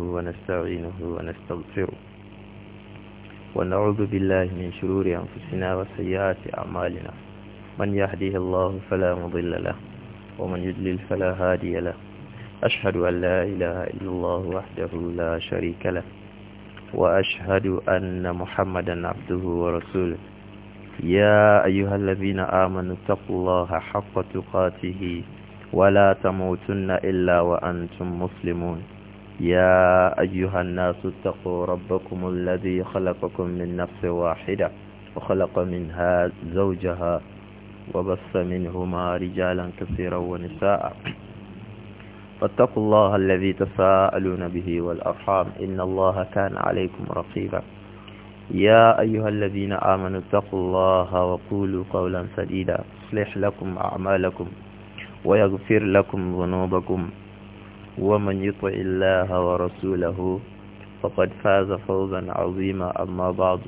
ونستعينه ونستغفره ونعوذ بالله من شرور أنفسنا وسيئات أعمالنا من يهديه الله فلا مضل له ومن يضلل فلا هادي له أشهد أن لا إله إلا الله وحده لا شريك له وأشهد أن محمدا عبده ورسوله يا أيها الذين آمنوا اتقوا الله حق تقاته ولا تموتن إلا وأنتم مسلمون يا أيها الناس اتقوا ربكم الذي خلقكم من نفس واحدة وخلق منها زوجها وبث منهما رجالا كثيرا ونساء فاتقوا الله الذي تساءلون به والأرحام إن الله كان عليكم رقيبا يا أيها الذين آمنوا اتقوا الله وقولوا قولا سديدا يصلح لكم أعمالكم ويغفر لكم ذنوبكم ومن يطع الله ورسوله فقد فاز فوزا عظيما أما بعد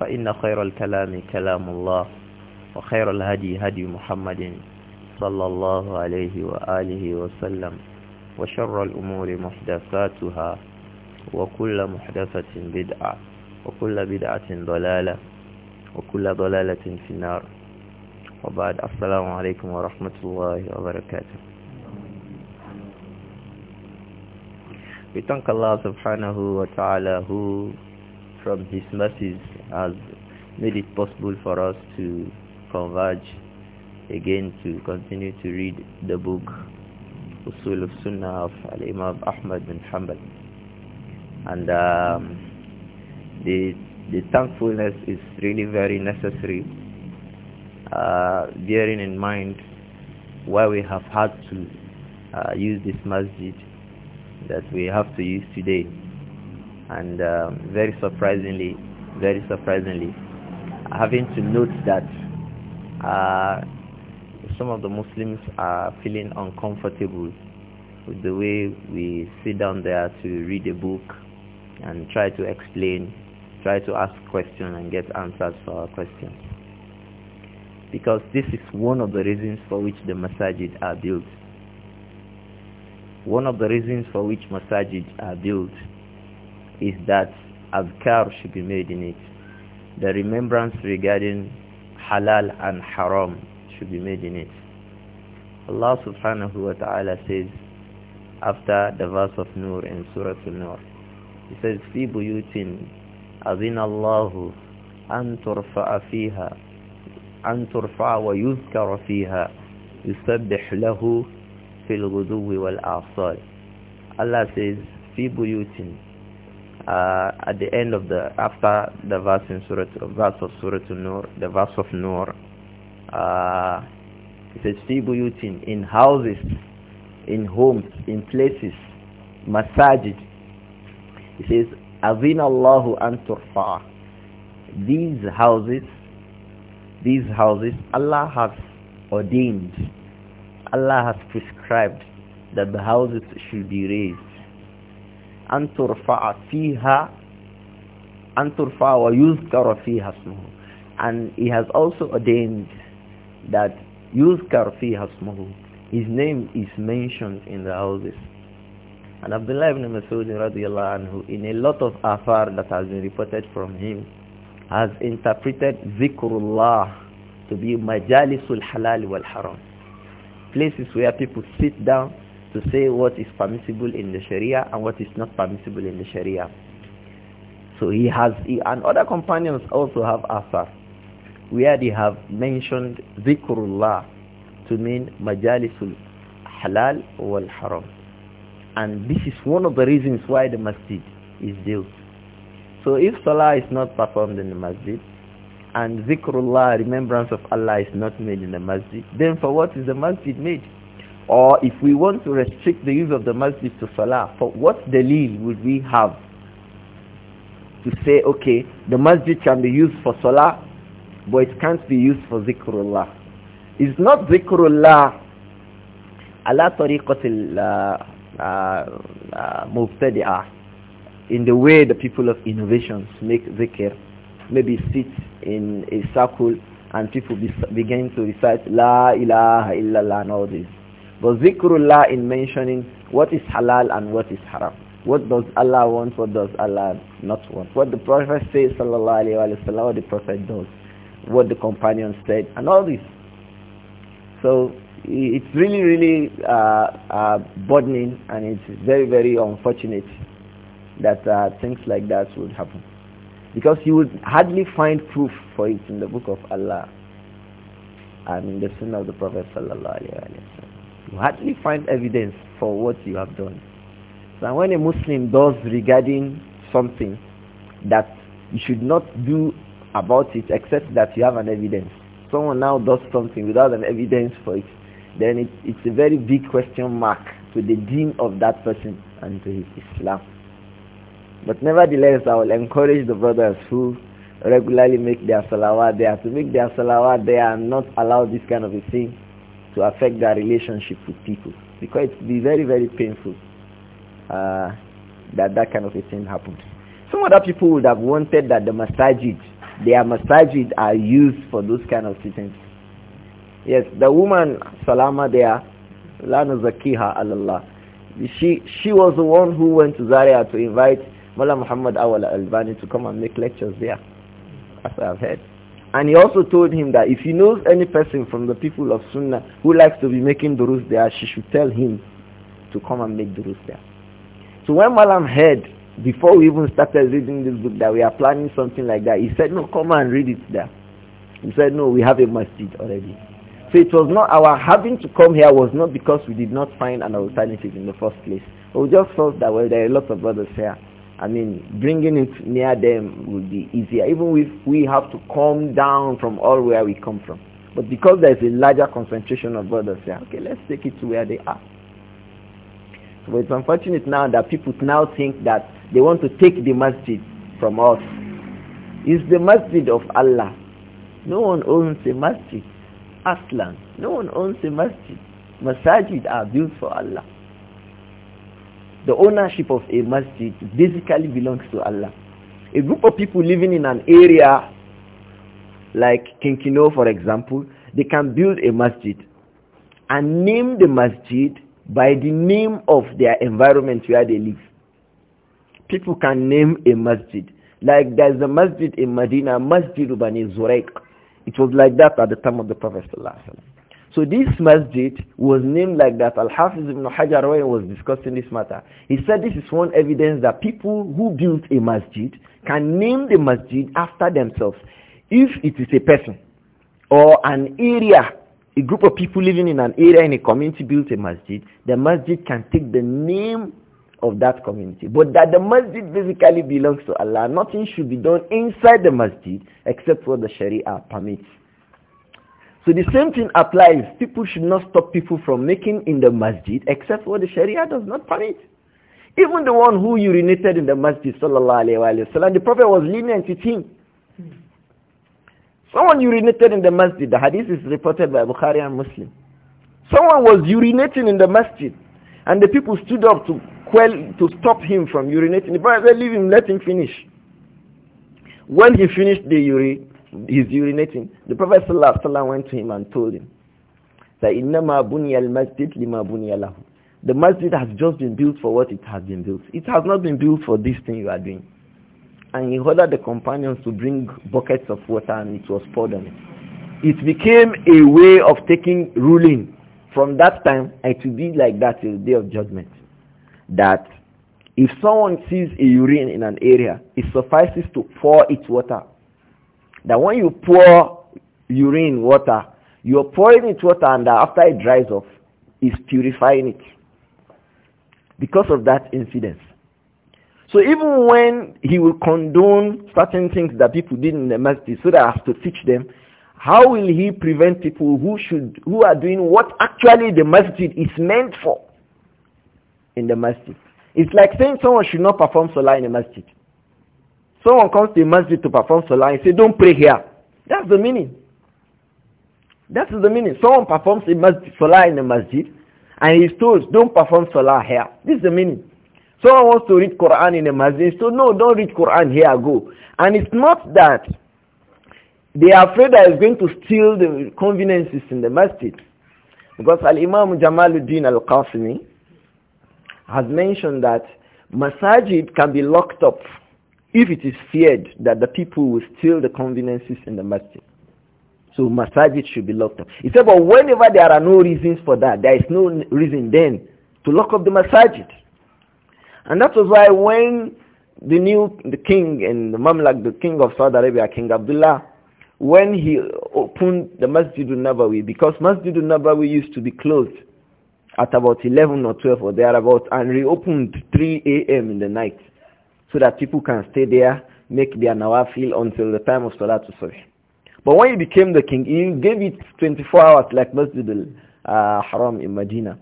فإن خير الكلام كلام الله وخير الهدي هدي محمد صلى الله عليه وآله وسلم وشر الأمور محدثاتها وكل محدثة بدعة وكل بدعة ضلالة وكل ضلالة في النار وبعد السلام عليكم ورحمة الله وبركاته We thank Allah subhanahu wa ta'ala who from his mercies has made it possible for us to converge again to continue to read the book Usul of Sunnah of Al-Imam Ahmad bin Hanbal. And um, the, the thankfulness is really very necessary uh, bearing in mind why we have had to uh, use this masjid that we have to use today and um, very surprisingly very surprisingly having to note that uh, some of the Muslims are feeling uncomfortable with the way we sit down there to read a book and try to explain try to ask questions and get answers for our questions because this is one of the reasons for which the masajid are built one of the reasons for which masajid are built is that azkar should be made in it. The remembrance regarding halal and haram should be made in it. Allah subhanahu wa ta'ala says after the verse of Nur in Surah Al-Nur, He says, في بيوت أذن الله أن ترفع فيها أن ترفع ويذكر فيها يسبح له fil ghuduwi wal asar Allah says fi buyutin uh, at the end of the after the verse in surah verse of surah an-nur the verse of nur uh, it says fi buyutin in houses in homes in places masajid it says azina Allahu an turfa these houses these houses Allah has ordained Allah has prescribed that the houses should be raised. and he has also ordained that يذكر فيها his name is mentioned in the houses and Abdullah ibn Masud radiallahu anhu in a lot of afar that has been reported from him has interpreted zikrullah to be majalisul halal wal haram places where people sit down to say what is permissible in the Sharia and what is not permissible in the Sharia. So he has, he, and other companions also have asar, where they have mentioned zikrullah to mean majalisul halal wal haram. And this is one of the reasons why the masjid is built. So if salah is not performed in the masjid, and zikrullah, remembrance of Allah is not made in the masjid, then for what is the masjid made? Or if we want to restrict the use of the masjid to salah, for what delil would we have to say, okay, the masjid can be used for salah, but it can't be used for zikrullah. It's not zikrullah ala tariqatil uh, uh, uh, mubtadi'ah in the way the people of innovations make zikr maybe sit in a circle and people be, begin to recite La ilaha illallah and all this. But zikrullah in mentioning what is halal and what is haram. What does Allah want, what does Allah not want. What the Prophet says, sallallahu alayhi wa sallam, what the Prophet does, what the companions said, and all this. So it's really, really uh, uh, burdening and it's very, very unfortunate that uh, things like that would happen. Because you would hardly find proof for it in the book of Allah and in the sunnah of the Prophet sallallahu alaihi wasallam. You hardly find evidence for what you have done. So when a Muslim does regarding something that you should not do about it except that you have an evidence. Someone now does something without an evidence for it, then it, it's a very big question mark to the deen of that person and to his Islam. But nevertheless, I will encourage the brothers who regularly make their salawat there to make their salawat there and not allow this kind of a thing to affect their relationship with people because it would be very, very painful uh, that that kind of a thing happened. Some other people would have wanted that the masajid, their masajid are used for those kind of things. Yes, the woman, Salama there, Lana Zakiha Allah, she, she was the one who went to Zaria to invite Mullah Muhammad Awal al-Albani to come and make lectures there, as I've heard. And he also told him that if he knows any person from the people of Sunnah who likes to be making durus there, she should tell him to come and make durus there. So when Malam heard, before we even started reading this book, that we are planning something like that, he said, no, come and read it there. He said, no, we have a masjid already. So it was not, our having to come here was not because we did not find an alternative in the first place. We just felt that, well, there are a lot of brothers here I mean, bringing it near them will be easier, even if we have to come down from all where we come from. But because there is a larger concentration of brothers here, okay, let's take it to where they are. So it's unfortunate now that people now think that they want to take the masjid from us. It's the masjid of Allah. No one owns a masjid. Aslan. No one owns a masjid. Masajid are built for Allah. The ownership of a masjid basically belongs to Allah. A group of people living in an area like Kinkino, for example, they can build a masjid and name the masjid by the name of their environment where they live. People can name a masjid. Like there's a masjid in Medina, Masjid Bani Zuraiq. It was like that at the time of the Prophet Sallallahu Alaihi Wasallam. So this masjid was named like that. Al-Hafiz ibn Hajar was discussing this matter. He said this is one evidence that people who built a masjid can name the masjid after themselves if it is a person or an area a group of people living in an area in a community built a masjid, the masjid can take the name of that community. But that the masjid basically belongs to Allah. Nothing should be done inside the masjid except what the Sharia permits. So the same thing applies. People should not stop people from making in the masjid except what the Sharia does not permit. Even the one who urinated in the masjid, sallallahu alayhi wa sallam, the Prophet was lenient with him. Someone urinated in the masjid. The hadith is reported by Bukhari and Muslim. Someone was urinating in the masjid and the people stood up to quell, to stop him from urinating. The Prophet said, leave him, let him finish. When he finished the urine, he's urinating. The Prophet ﷺ went to him and told him that إِنَّمَا بُنِيَ masjid lima بُنِيَ The masjid has just been built for what it has been built. It has not been built for this thing you are doing. And he ordered the companions to bring buckets of water and it was poured on it. It became a way of taking ruling. From that time, it will be like that till the day of judgment. That if someone sees a urine in an area, it suffices to pour its water that when you pour urine water, you are pouring it water and after it dries off, it's purifying it because of that incident. So even when he will condone certain things that people did in the masjid so that as to teach them, how will he prevent people who should who are doing what actually the masjid is meant for in the masjid? It's like saying someone should not perform salah in the masjid. Someone comes to a masjid to perform salah and say, don't pray here. That's the meaning. That is the meaning. Someone performs a masjid, salah in a masjid and he's told, don't perform salah here. This is the meaning. Someone wants to read Quran in a masjid. So no, don't read Quran here, go. And it's not that they are afraid that it's going to steal the conveniences in the masjid. Because Al-Imam Jamaluddin Al-Qasimi has mentioned that masajid can be locked up if it is feared that the people will steal the conveniences in the masjid. So masajid should be locked up. He said, but whenever there are no reasons for that, there is no reason then to lock up the masajid. And that was why when the new the king and the mamlak, the king of Saudi Arabia, King Abdullah, when he opened the Masjid al-Nabawi, because Masjid al-Nabawi used to be closed at about 11 or 12 or thereabouts and reopened 3 a.m. in the night so that people can stay there, make their nawafil until the time of salat Subh. But when he became the king, he gave it 24 hours like Masjid al-Haram in Medina.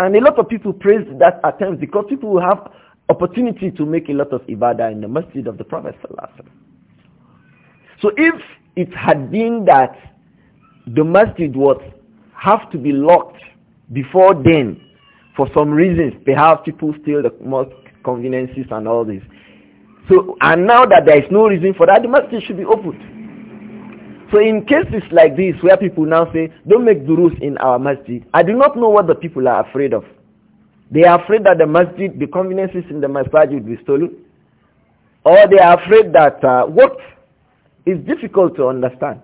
And a lot of people praised that at times because people will have opportunity to make a lot of ibadah in the masjid of the Prophet So if it had been that the masjid was have to be locked before then for some reasons, perhaps people steal the mosque conveniences and all this, so, and now that there is no reason for that, the masjid should be opened. So in cases like this where people now say, don't make durus in our masjid, I do not know what the people are afraid of. They are afraid that the masjid, the conveniences in the masjid will be stolen. Or they are afraid that uh, what is difficult to understand.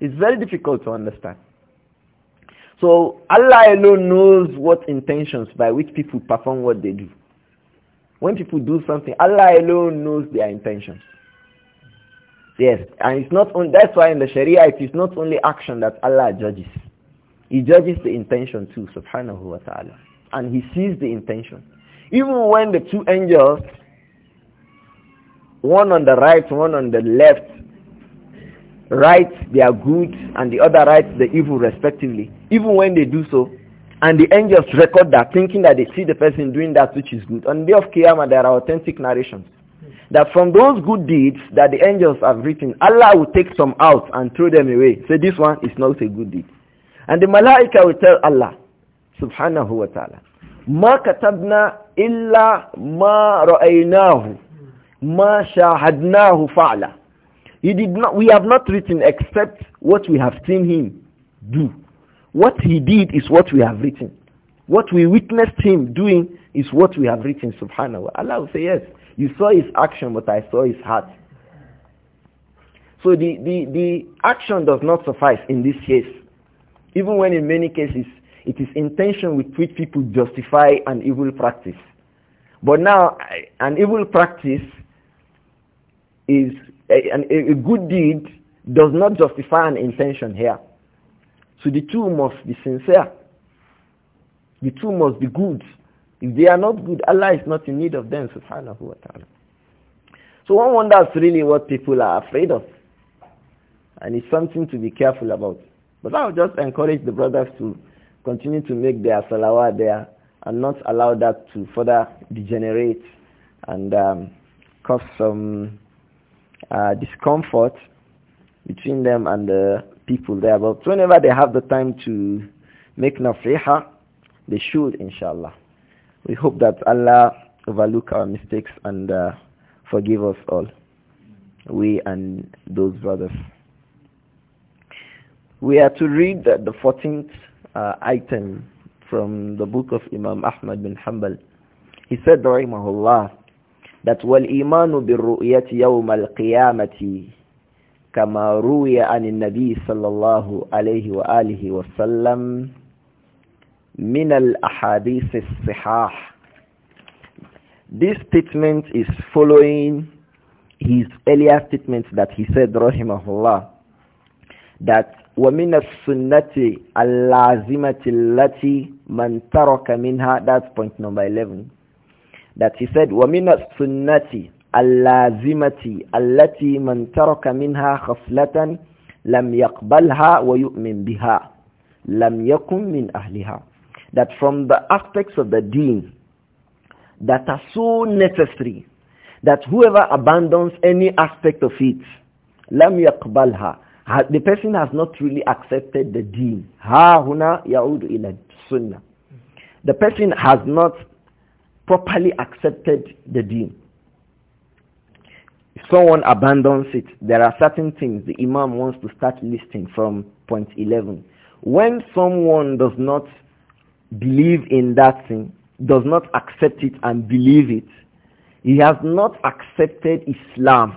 It's very difficult to understand. So Allah alone knows what intentions by which people perform what they do. When people do something, Allah alone knows their intentions. Yes, and it's not only, that's why in the Sharia it is not only action that Allah judges. He judges the intention too, subhanahu wa ta'ala. And he sees the intention. Even when the two angels, one on the right, one on the left, write their good and the other writes the evil respectively, even when they do so, and the angels record that, thinking that they see the person doing that which is good. On the day of Qiyamah, there are authentic narrations. That from those good deeds that the angels have written, Allah will take some out and throw them away. Say, this one is not a good deed. And the malaika will tell Allah, subhanahu wa ta'ala, ما كتبنا illa ma رأيناه ma shahadnahu fa'ala. He did not, we have not written except what we have seen him do. What he did is what we have written. What we witnessed him doing is what we have written, subhanahu wa Allah will say, yes, you saw his action, but I saw his heart. So the, the, the action does not suffice in this case. Even when in many cases, it is intention with which people justify an evil practice. But now, an evil practice is, a, a good deed does not justify an intention here. So the two must be sincere. The two must be good. If they are not good, Allah is not in need of them, subhanahu wa ta'ala. So one wonders really what people are afraid of. And it's something to be careful about. But I would just encourage the brothers to continue to make their salawat there and not allow that to further degenerate and um, cause some uh, discomfort between them and the people there. But whenever they have the time to make nafriha, they should, inshallah. We hope that Allah overlook our mistakes and uh, forgive us all, we and those brothers. We are to read the 14th uh, item from the book of Imam Ahmad bin Hanbal. He said, rahimahullah, that وَالْإِيمَانُ بِالرُّؤْيَةِ يَوْمَ الْقِيَامَةِ كما روي عن النبي صلى الله عليه وآله وسلم من الأحاديث الصحاح This statement is following his earlier statement that he said رحمه الله that ومن السنة اللازمة التي من ترك منها that's point number 11 that he said ومن السنة اللازمة التي من ترك منها خصلة لم يقبلها ويؤمن بها لم يكن من أهلها that from the aspects of the deen that are so necessary that whoever abandons any aspect of it لم يقبلها the person has not really accepted the deen ها هنا يعود إلى السنة the person has not properly accepted the deen someone abandons it, there are certain things the Imam wants to start listing from point 11. When someone does not believe in that thing, does not accept it and believe it, he has not accepted Islam.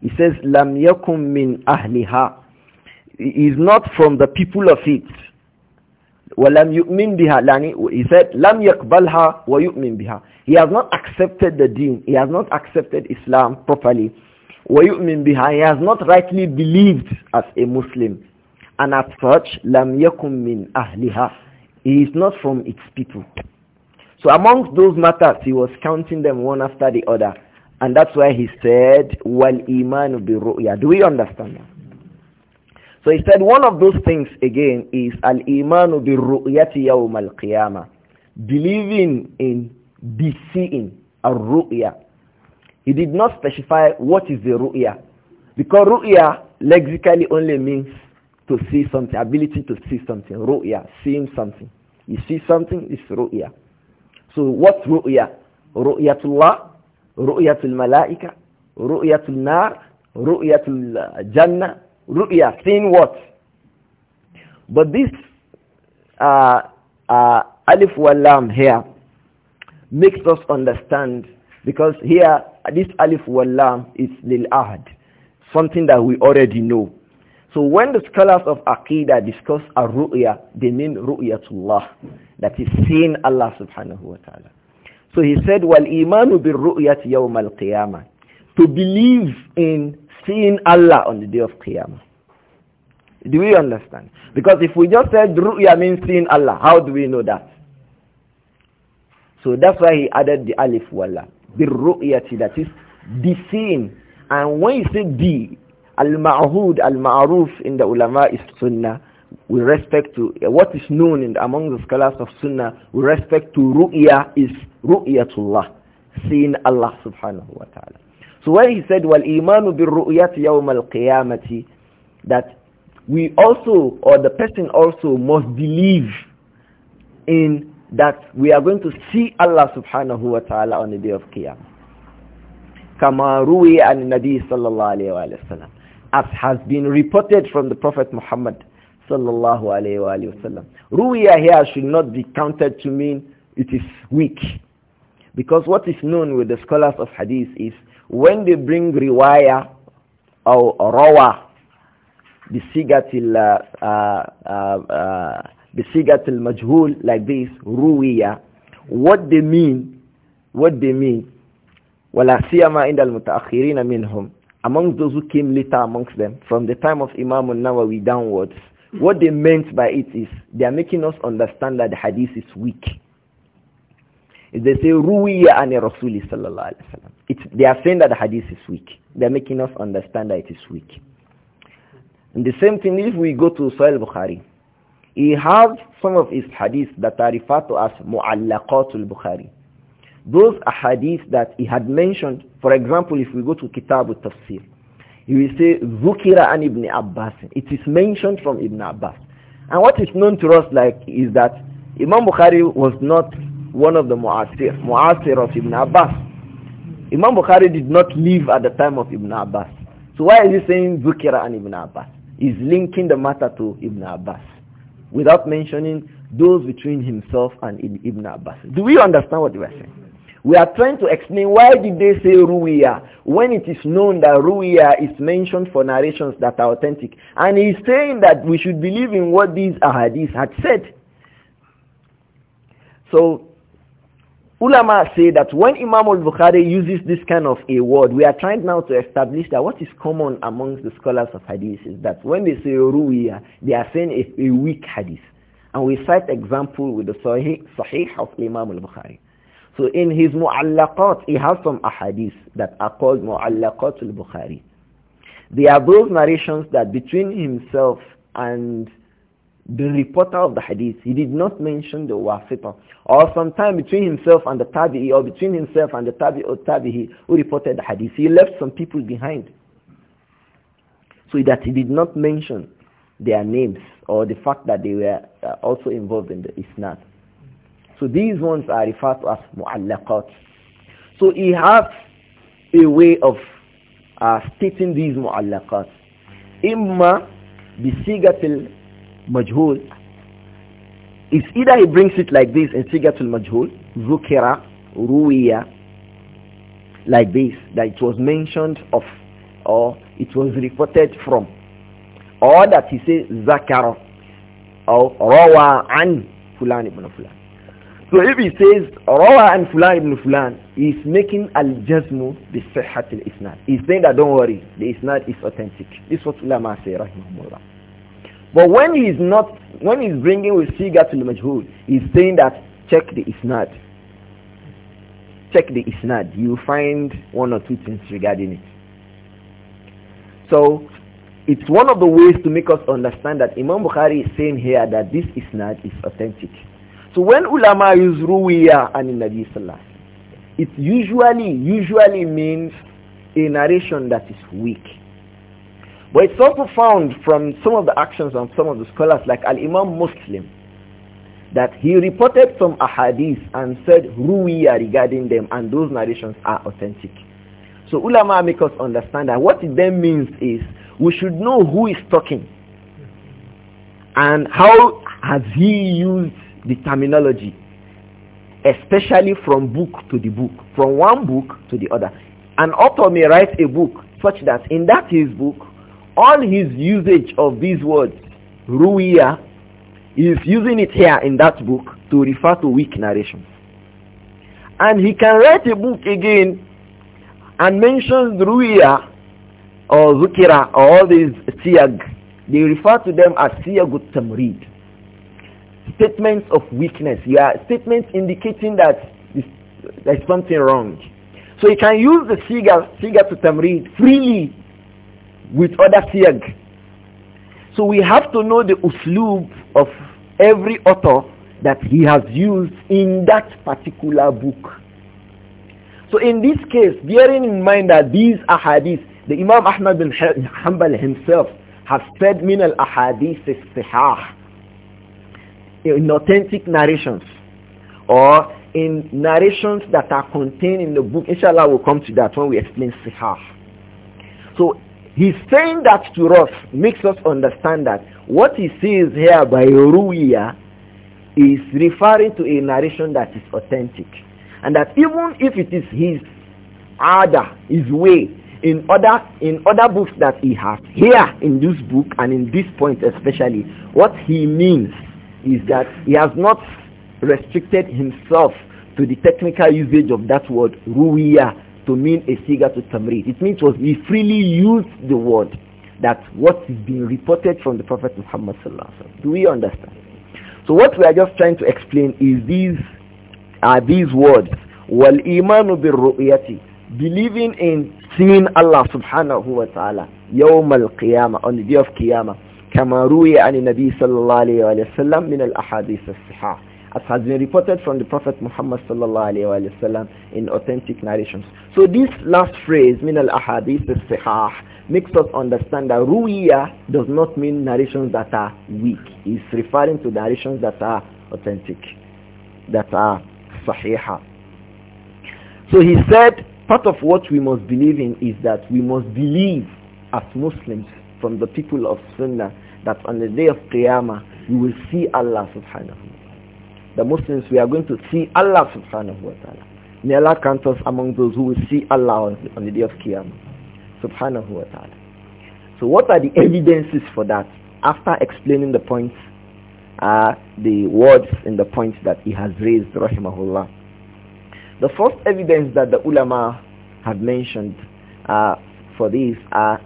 He says, Lam yakum min ahliha. He is not from the people of it. وَلَمْ يُؤْمِنْ بِهَا He said, لَمْ يَقْبَلْهَا وَيُؤْمِنْ بِهَا He has not accepted the deen. He has not accepted Islam properly. وَيُؤْمِنْ بِهَا He has not rightly believed as a Muslim. And as such, لَمْ يَكُمْ مِنْ أَهْلِهَا He is not from its people. So amongst those matters, he was counting them one after the other. And that's why he said, iman bi بِالرُؤْيَا Do we understand that? So he said one of those things again is al-imanu bi-ru'yati yawm al-qiyamah. Believing in seeing a ruya He did not specify what is the ru'ya. Because ru'ya lexically only means to see something, ability to see something. Ru'ya, seeing something. You see something, it's ru'ya. So what ru'ya? Ru'yatullah, ru'yatul malaika, ru'yatul nar, ru'yatul jannah, ru'ya, seeing what? But this uh, uh, alif walam here makes us understand because here this alif walam is lil ahad, something that we already know. So when the scholars of Aqidah discuss a ruya they mean ru'yatullah, that is seeing Allah subhanahu wa ta'ala. So he said, wal imanu bir ru'yat yawm al-qiyamah. To believe in seeing Allah on the day of Qiyamah. Do we understand? Because if we just said ru'ya means seeing Allah, how do we know that? So that's why he added the alif wala. The ru'yati, that is the seeing. And when you say the, al-ma'hud, al-ma'ruf in the ulama is sunnah with respect to what is known in, among the scholars of Sunnah with respect to ru'ya is ru'yatullah, seeing Allah subhanahu wa ta'ala. So when he said, وَالْإِيمَانُ بِالرُّؤْيَةِ يَوْمَ الْقِيَامَةِ That we also, or the person also must believe in that we are going to see Allah subhanahu wa ta'ala on the day of Qiyamah. kama رُوِيَ an النَّبِي sallallahu alayhi عَلَيْهِ وَسَلَّمَ As has been reported from the Prophet Muhammad sallallahu alayhi wa sallam. Ruwiya here should not be counted to mean it is weak. Because what is known with the scholars of hadith is when they bring riwaya or rawa, bisigatil uh, uh, uh, bisigatil majhul like this, ruwiya, what they mean, what they mean, ولا سيما عند المتأخرين منهم amongst those who came later amongst them from the time of Imam al-Nawawi downwards what they meant by it is they are making us understand that the hadith is weak they say ruwiya an Rasuli sallallahu alaihi wasallam. It's, they are saying that the hadith is weak. They are making us understand that it is weak. And the same thing if we go to Sahih Bukhari. He had some of his hadiths that are referred to as mu'allaqatul Bukhari. Those hadiths that he had mentioned, for example, if we go to Kitab tafsir he will say, Zukira an Ibn Abbas. It is mentioned from Ibn Abbas. And what is known to us like is that Imam Bukhari was not one of the Mu'asir, Mu'asir of Ibn Abbas. Imam Bukhari did not live at the time of Ibn Abbas. So why is he saying Zukira and Ibn Abbas? is linking the matter to Ibn Abbas without mentioning those between himself and Ibn Abbas. Do we understand what we are saying? We are trying to explain why did they say Ruwiya when it is known that Ruwiya is mentioned for narrations that are authentic. And he is saying that we should believe in what these ahadith had said. So Ulama say that when Imam al-Bukhari uses this kind of a word, we are trying now to establish that what is common amongst the scholars of hadith is that when they say ruwiya, they are saying a, a weak hadith. And we cite example with the sahih, sahih of Imam al-Bukhari. So in his mu'allaqat, he has some ahadith that are called mu'allaqat al-Bukhari. They are those narrations that between himself and the reporter of the hadith, he did not mention the wasita, or sometime between himself and the tabi'i, or between himself and the tabi'i or tabi'i who reported the hadith. He left some people behind, so that he did not mention their names or the fact that they were uh, also involved in the isnad. So these ones are referred to as mu'allaqat. So he has a way of uh, stating these mu'allaqat. i am بصيغة majhul it's either he brings it like this in sigatul majhul zukira ruwiya like this that it was mentioned of or it was reported from or that he says zakara or rawa an fulan ibn fulan so if he says rawa an fulan ibn fulan he's making al jazmu bi sihhat al isnad he's saying that don't worry the isnad is authentic this is what ulama say rahimahullah but when he is not, when he's bringing with the majhul, he's saying that check the isnad. Check the isnad. You find one or two things regarding it. So it's one of the ways to make us understand that Imam Bukhari is saying here that this isnad is authentic. So when ulama use ruwiya and in Nabi Sallallahu it usually usually means a narration that is weak but it's so profound from some of the actions of some of the scholars like Al-Imam Muslim that he reported some ahadith and said ruwiya regarding them and those narrations are authentic. So ulama make us understand that what it then means is we should know who is talking and how has he used the terminology especially from book to the book, from one book to the other. An author may write a book such that in that his book all his usage of these words, ruia, is using it here in that book to refer to weak narrations. And he can write a book again and mentions ruia or zukira or all these siyag. They refer to them as siyagut tamrid. Statements of weakness. Yeah, statements indicating that there's something wrong. So he can use the siga, siga to tamrid freely with other siyag. So we have to know the uslub of every author that he has used in that particular book. So in this case, bearing in mind that these ahadith, the Imam Ahmad bin Hanbal himself has said min al-ahadith sihah in authentic narrations or in narrations that are contained in the book. Inshallah, we'll come to that when we explain sihah. So He's saying that to us makes us understand that what he says here by ruia is referring to a narration that is authentic. And that even if it is his order, his way, in other, in other books that he has, here in this book and in this point especially, what he means is that he has not restricted himself to the technical usage of that word, ruia to mean a figure to tamrid. It means was he freely used the word that what is being reported from the Prophet Muhammad sallallahu Do we understand? So what we are just trying to explain is these are these words wal imanu ru'yati believing in seeing Allah subhanahu wa ta'ala يوم القيامة on the day of qiyamah كما روي عن النبي صلى alayhi wa sallam من الأحاديث الصحيحة as has been reported from the Prophet Muhammad sallallahu in authentic narrations. So this last phrase, min al ahadith sahih, makes us understand that ruwiya does not mean narrations that are weak. It's referring to narrations that are authentic, that are sahiha. So he said, part of what we must believe in is that we must believe as Muslims from the people of Sunnah that on the day of Qiyamah we will see Allah subhanahu wa ta'ala the Muslims, we are going to see Allah subhanahu wa ta'ala. May Allah count us among those who will see Allah on, on the day of Qiyamah subhanahu wa ta'ala. So what are the evidences for that? After explaining the points, uh, the words in the points that he has raised, rahimahullah. The first evidence that the ulama have mentioned uh, for this are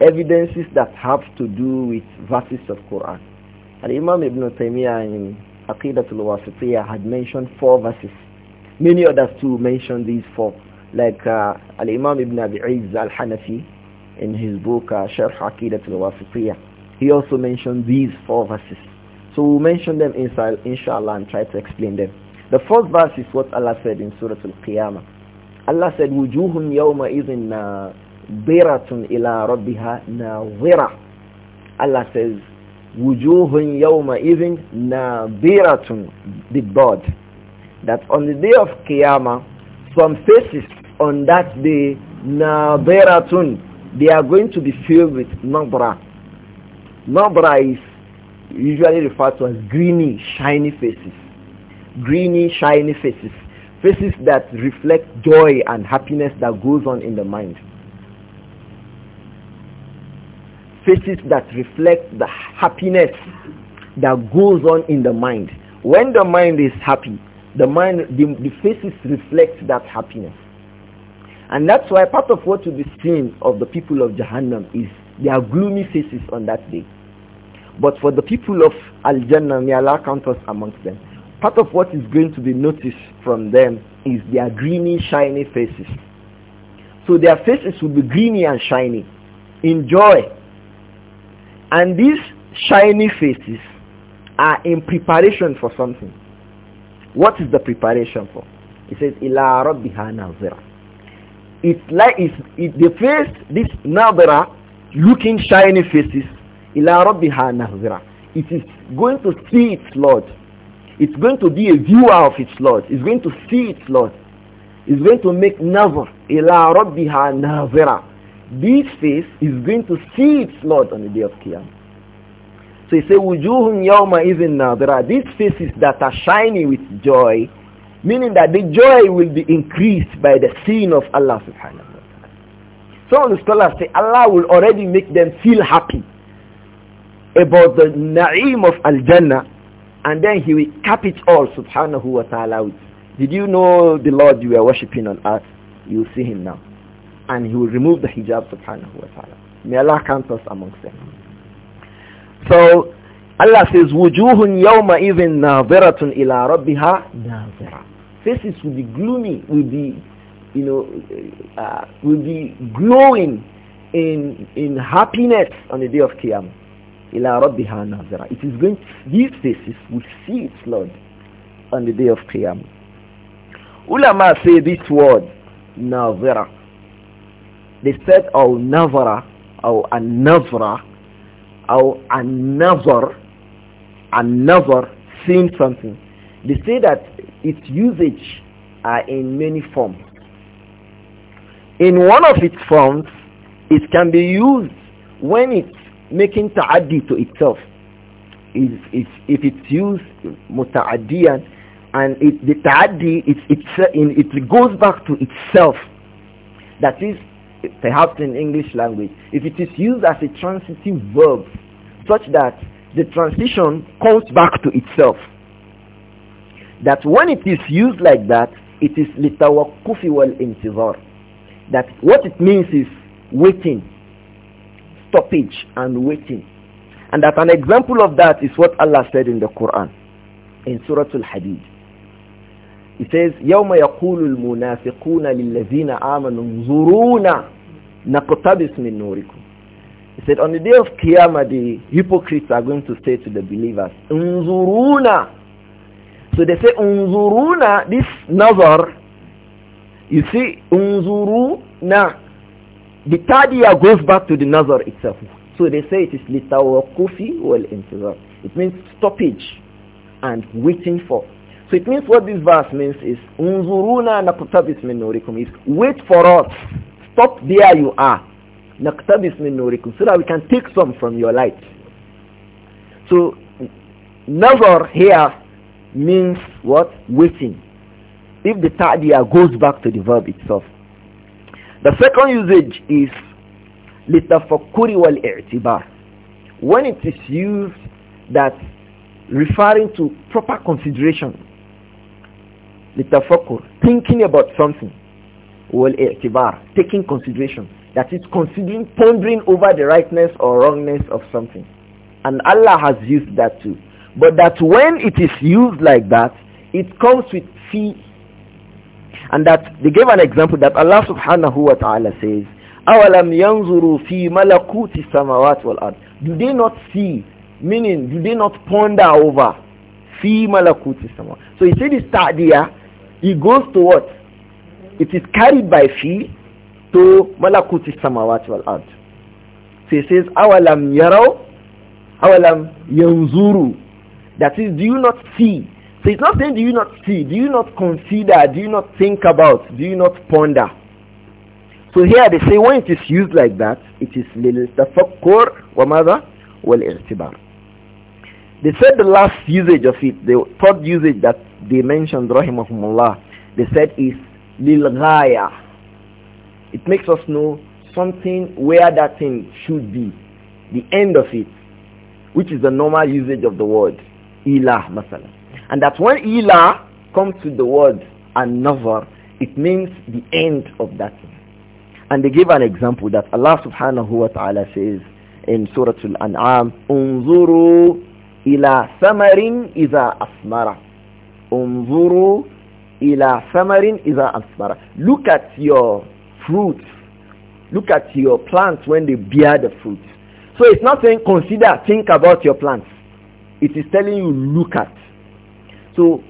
evidences that have to do with verses of Quran. And Imam Ibn Taymiyyah in Aqidatul Wasitiyah had mentioned four verses. Many others too mentioned these four, like uh, Al-Imam Ibn Abi Izz Al-Hanafi in his book uh, Sharh Aqidatul Wasitiyah. He also mentioned these four verses. So we'll mention them inside, inshallah and try to explain them. The first verse is what Allah said in Surah Al-Qiyamah. Allah said, وُجُوهٌ يَوْمَئِذٍ نَاظِرَةٌ إِلَىٰ رَبِّهَا نَاظِرَةٌ Allah says, wujuhun yawma even nadiratun bidbad that on the day of qiyamah some faces on that day nadiratun they are going to be filled with nabra nabra is usually referred to as greeny shiny faces greeny shiny faces faces that reflect joy and happiness that goes on in the mind faces that reflect the happiness that goes on in the mind. When the mind is happy, the mind, the, the faces reflect that happiness. And that's why part of what will be seen of the people of Jahannam is their gloomy faces on that day. But for the people of Al-Jannah, may Allah count us amongst them. Part of what is going to be noticed from them is their greeny, shiny faces. So their faces will be greeny and shiny in joy and these shiny faces are in preparation for something. What is the preparation for? It says, Ila Rabbiha Nazira. It's like it's, it, the face, this Nazira, looking shiny faces, Ila Rabbiha Nazira. It is going to see its Lord. It's going to be a viewer of its Lord. It's going to see its Lord. It's going to make Nazir. Ila Rabbiha Nazira this face is going to see its Lord on the day of Qiyamah. So he said, Wujuhun yawma now. There are these faces that are shining with joy, meaning that the joy will be increased by the seeing of Allah subhanahu wa ta'ala. Some of the scholars say Allah will already make them feel happy about the na'im of al-Jannah and then he will cap it all subhanahu wa ta'ala with. Did you know the Lord you were worshipping on earth? You will see him now and he will remove the hijab subhanahu wa ta'ala. May Allah count us amongst them. So Allah says, Wujuhun yawma even نَاظِرَةٌ ila رَبِّهَا nawera. Faces will be gloomy, will be, you know, uh, will be glowing in, in happiness on the day of Qiyamah. Ila رَبِّهَا nawera. It is going, to, these faces will see its Lord on the day of Qiyamah. Ulama say this word, nawera. They said al navara or an navra or an nazar an nazar seen something. They say that its usage are in many forms. In one of its forms, it can be used when it's making ta'addi to itself. If, if, if it's used muta'addiyan and it, the ta'addi, it's it, it goes back to itself. That is, perhaps in English language, if it is used as a transitive verb such that the transition comes back to itself, that when it is used like that, it is لِتَوَقُّفِ وَالْإِنْتِظَارِ That what it means is waiting, stoppage and waiting. And that an example of that is what Allah said in the Quran, in Surah Al-Hadid. He says, يَوْمَ يَقُولُ الْمُنَافِقُونَ لِلَّذِينَ آمَنُوا انظُرُونَا نَقْتَبِسْ مِنْ نُورِكُمْ He said, on the day of Qiyamah, the hypocrites are going to say to the believers, انظُرُونَا So they say, "Unzuruna." This nazar, you see, na. The third year goes back to the nazar itself. So they say it is لِتَوَقُفِ وَالْإِنْتِظَارِ It means stoppage and waiting for so it means what this verse means is unzuruna naqtabis min nurikum is wait for us. Stop there you are. Naqtabis min nurikum so that we can take some from your light. So nazar here means what? Waiting. If the ta'diya goes back to the verb itself. The second usage is litafakkuri wal i'tibar. When it is used that referring to proper consideration litafakur, thinking about something, wal i'tibar, taking consideration. That is considering, pondering over the rightness or wrongness of something. And Allah has used that too. But that when it is used like that, it comes with fee. And that they gave an example that Allah subhanahu wa ta'ala says, أَوَلَمْ fee malakuti samawat السَّمَوَاتِ Do they not see? Meaning, do they not ponder over? فِي malakuti samawat? So he said this there. It goes to what? It is carried by fee to malakuti samawati wal ard. So he says, awalam yarau, awalam yanzuru. That is, do you not see? So it's not saying do you not see, do you not consider, do you not think about, do you not ponder. So here they say when it is used like that, it is lil tafakkur wa mother wal irtibar. They said the last usage of it, the third usage that they mentioned, rahimahumullah, they said is lil It makes us know something where that thing should be, the end of it, which is the normal usage of the word ilah masala. And that when ilah comes to the word another, it means the end of that thing. And they give an example that Allah subhanahu wa ta'ala says in Surah Al-An'am, إلى ثمر إذا أثمر انظروا إلى ثمر إذا أثمر Look at your fruits. Look at your plants when they bear the fruit. So it's not saying consider, think about your plants. It is telling you look at. So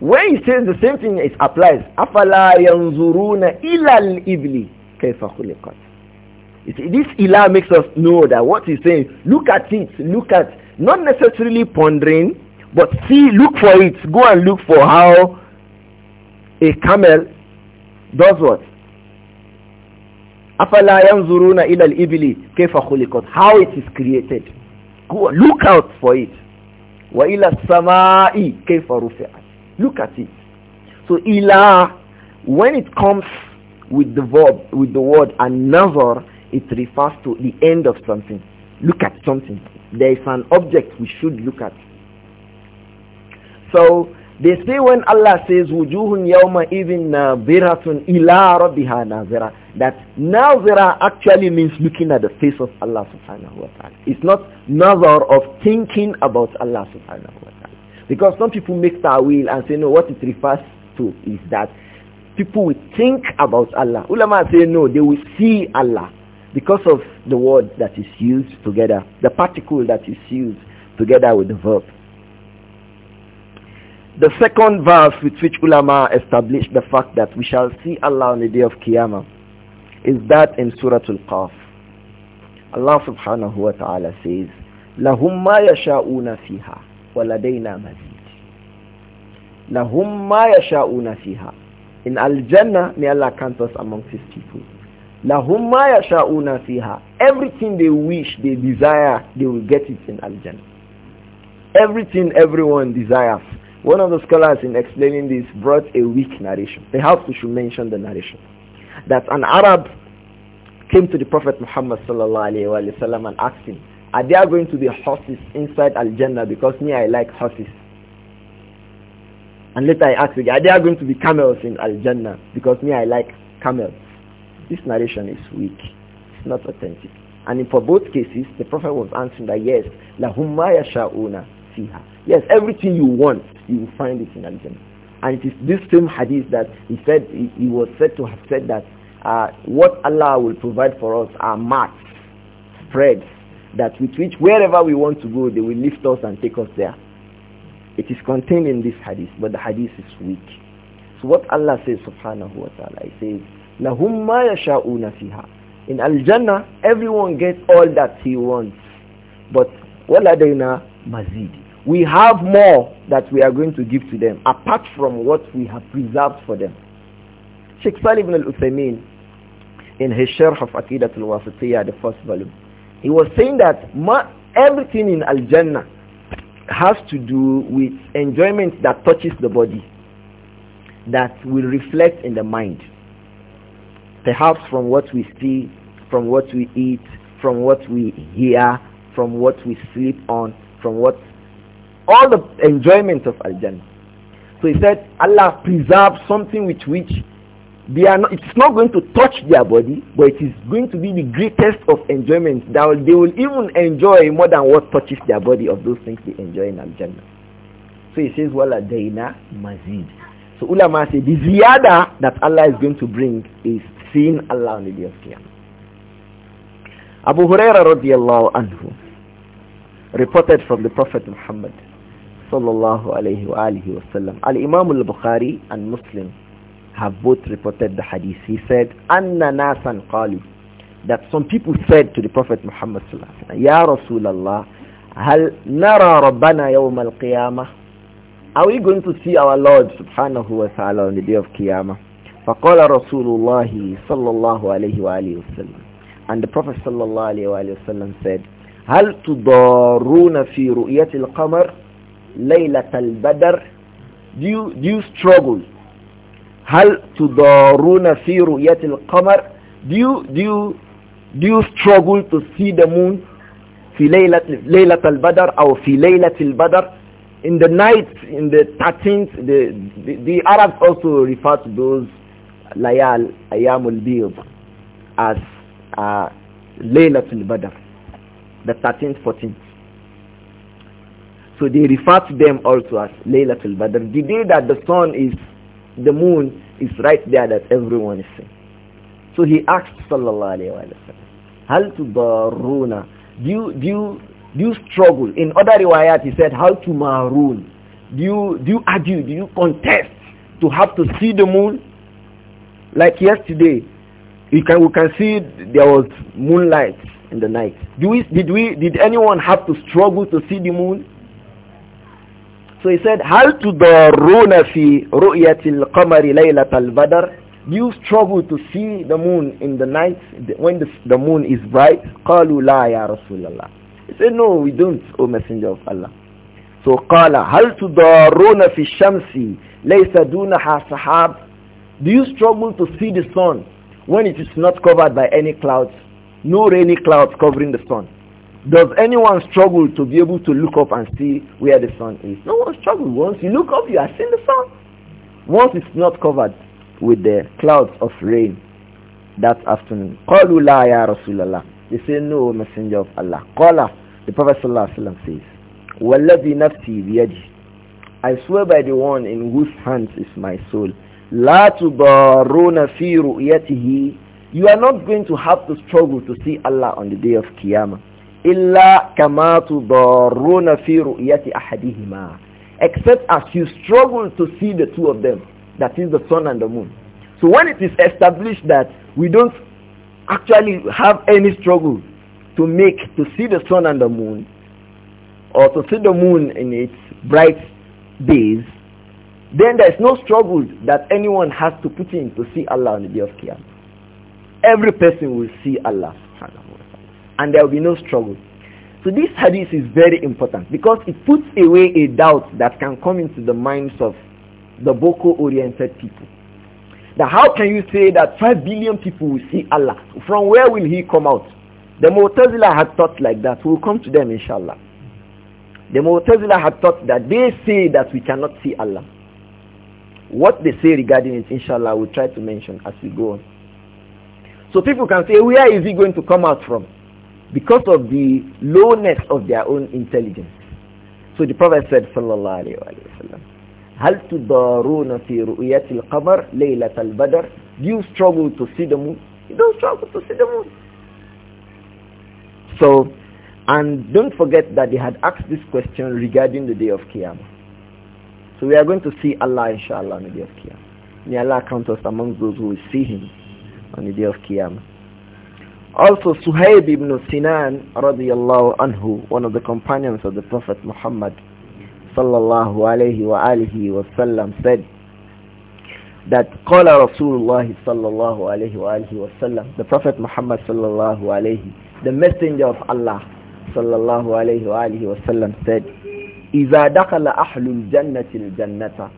when he says the same thing, it applies. أَفَلَا يَنْظُرُونَ إِلَى الْإِبْلِ كَيْفَ خُلِقَتْ This ila makes us know that what he's saying, look at it, look at not necessarily pondering, but see, look for it. Go and look for how a camel does what? أَفَلَا ila إِلَى الْإِبِلِ كَيْفَ خُلِقَتْ How it is created. Go, look out for it. وَإِلَى samai كَيْفَ رُفِعَتْ Look at it. So ila, when it comes with the verb, with the word another, it refers to the end of something. Look at something there is an object we should look at. So they say when Allah says wujuhun yawma even naziratun ila rabbiha nazira that nazira actually means looking at the face of Allah subhanahu wa ta'ala. It's not nazar of thinking about Allah subhanahu wa ta'ala. Because some people make ta'wil and say no what it refers to is that people will think about Allah. Ulama say no they will see Allah because of the word that is used together, the particle that is used together with the verb. The second verse with which ulama established the fact that we shall see Allah on the day of Qiyamah is that in Surah Al-Qaf. Allah subhanahu wa ta'ala says, لَهُمْ مَا يَشَاءُونَ فِيهَا وَلَدَيْنَا مَزِيدٌ لَهُمْ مَا يَشَاءُونَ فِيهَا In Al-Jannah, may Allah count us amongst His people lahum ma yasha'una fiha everything they wish they desire they will get it in al-jannah everything everyone desires one of the scholars in explaining this brought a weak narration perhaps we should mention the narration that an arab came to the prophet muhammad sallallahu alaihi wasallam and asked him are there going to be horses inside al-jannah because me i like horses and later i asked again are there going to be camels in al-jannah because me i like camels this narration is weak. It's not authentic. And for both cases, the Prophet was answering that yes, la مَا يَشَاءُونَ فِيهَا Yes, everything you want, you will find it in Al-Jannah. And it is this same hadith that he said, he, he was said to have said that uh, what Allah will provide for us are mats, spreads, that with which wherever we want to go, they will lift us and take us there. It is contained in this hadith, but the hadith is weak. So what Allah says, subhanahu wa ta'ala, he says, lahum ma yasha'una fiha in al-jannah everyone gets all that he wants but waladayna mazidi. we have more that we are going to give to them apart from what we have preserved for them Sheikh Salih ibn al-Uthaymeen in his Sharh of Aqidat al-Wasitiyah the first volume he was saying that everything in al-jannah has to do with enjoyment that touches the body that will reflect in the mind perhaps from what we see, from what we eat, from what we hear, from what we sleep on, from what all the enjoyment of Al-Jannah. So he said, Allah preserve something with which they are not, it's not going to touch their body, but it is going to be the greatest of enjoyment. That they will even enjoy more than what touches their body of those things they enjoy in Al-Jannah. So he says, Wala daina mazid. So ulama say the ziyada that Allah is going to bring is seen Allah on the day of Qiyamah. Abu Huraira radiallahu anhu reported from the Prophet Muhammad sallallahu alayhi wa alihi wasallam. Al-Imam al-Bukhari and Muslim have both reported the hadith. He said, Anna nasan qalu. That some people said to the Prophet Muhammad sallallahu alayhi Ya Rasulallah, hal nara rabbana yawm al-qiyamah? Are we going to see our Lord subhanahu wa ta'ala on the day of Qiyamah? فقال رسول الله صلى الله عليه وآله وسلم and the Prophet صلى الله عليه وآله وسلم said هل تضارون في رؤية القمر ليلة البدر do you, do you struggle هل تضارون في رؤية القمر do you, do you, do you struggle to see the moon في ليلة, ليلة البدر أو في ليلة البدر in the night in the 13th the, the, the Arabs also refer to those layal ayamul biyub as uh, Laylatul Badr, the 13th, 14th. So they refer to them also as Laylatul Badr, the day that the sun is, the moon is right there that everyone is seeing. So he asked Sallallahu Alaihi Wasallam, Hal tudaruna? Do you, do you, do you struggle? In other riwayat he said, How to maroon? Do you, do you argue? Do you contest to have to see the moon? Like yesterday, you can, we can see there was moonlight in the night. We, did, we, did anyone have to struggle to see the moon? So he said, هَلْ تُضَرُّونَ فِي رُؤْيَةِ الْقَمَرِ لَيْلَةَ الْبَدْرِ Do you struggle to see the moon in the night when the, the moon is bright? قَالُوا لَا يَا رَسُولَ اللَّهِ He said, no, we don't, O Messenger of Allah. So قَالَ هَلْ تُضَرُّونَ فِي الشَّمْسِ لَيْسَ دُونَهَا سَحَابٍ do you struggle to see the sun when it is not covered by any clouds? No rainy clouds covering the sun. Does anyone struggle to be able to look up and see where the sun is? No one struggles. Once you look up, you are seeing the sun. Once it's not covered with the clouds of rain that afternoon. قالوا لا يا They say no, messenger of Allah. قال the Prophet صلى الله عليه وسلم says, والذي نفسي بيده. I swear by the one in whose hands is my soul. لا تضارون في رؤيته You are not going to have to struggle to see Allah on the day of Qiyamah. إلا كما تضارون في رؤية أحدهما Except as you struggle to see the two of them, that is the sun and the moon. So when it is established that we don't actually have any struggle to make, to see the sun and the moon, or to see the moon in its bright days, then there is no struggle that anyone has to put in to see Allah on the day of Qiyamah. Every person will see Allah. And there will be no struggle. So this hadith is very important because it puts away a doubt that can come into the minds of the Boko-oriented people. Now how can you say that 5 billion people will see Allah? From where will he come out? The Mu'tazila had thought like that. We'll come to them inshallah. The Mu'tazila had thought that they say that we cannot see Allah. What they say regarding it, inshallah, we'll try to mention as we go on. So people can say, where is he going to come out from? Because of the lowness of their own intelligence. So the Prophet said, sallallahu alayhi wa sallam, هل تضارون في رؤية القمر ليلة البدر Do you struggle to see the moon? You don't struggle to see the moon. So, and don't forget that they had asked this question regarding the day of Qiyamah. So we are going to see Allah inshallah on the day of Qiyamah. May Allah count us among those who will see him on the day of Qiyamah. Also Suhaib ibn Sinan radiallahu anhu, one of the companions of the Prophet Muhammad sallallahu alayhi wa alihi wa sallam said that قال رسول الله صلى الله عليه wa sallam, the Prophet Muhammad sallallahu alayhi, the messenger of Allah sallallahu alayhi عليه وآله wa sallam said إذا دخل أهل الجنة الجنة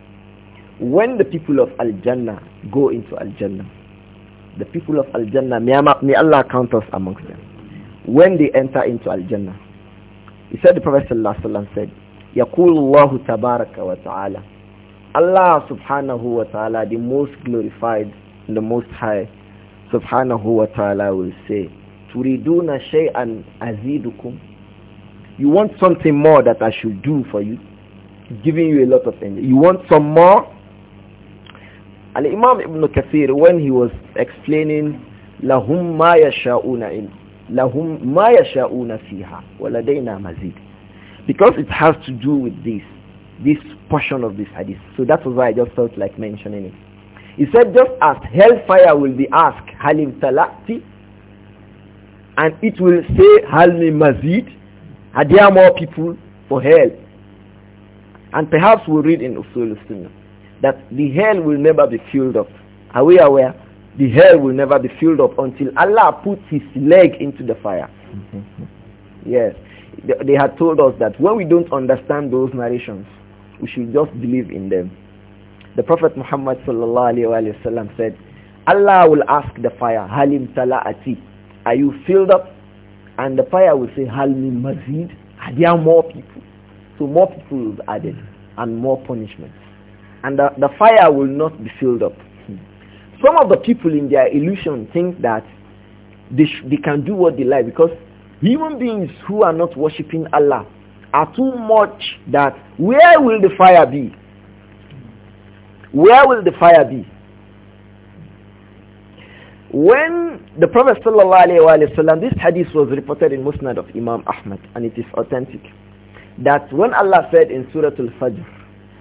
when the people of Al-Jannah go into Al-Jannah the people of Al-Jannah may Allah count us amongst them when they enter into Al-Jannah he said the Prophet sallallahu alaihi wasallam said يقول الله تبارك وتعالى Allah subhanahu wa ta'ala the most glorified the most high subhanahu wa ta'ala will say تريدون شيئا azidukum. You want something more that I should do for you? It's giving you a lot of things. You want some more? And Imam Ibn Kathir, when he was explaining لهم ما يشاءون إن لهم ما يشاءون فيها ولدينا مزيد because it has to do with this this portion of this hadith so that was why I just felt like mentioning it he said just as hellfire will be asked halim talati and it will say halmi mazid are there more people for hell? And perhaps we read in Usul Sunnah that the hell will never be filled up. Are we aware? The hell will never be filled up until Allah puts his leg into the fire. yes. They had told us that when we don't understand those narrations, we should just believe in them. The Prophet Muhammad sallallahu said, Allah will ask the fire, Halim Tala'ati, are you filled up? And the fire will say, Halmi Mazid. Are there more people? So more people will be added and more punishment. And the, the fire will not be filled up. Some of the people in their illusion think that they, they can do what they like because human beings who are not worshipping Allah are too much that where will the fire be? Where will the fire be? When the Prophet wasallam, this hadith was reported in Musnad of Imam Ahmad and it is authentic, that when Allah said in Surah Al-Fajr,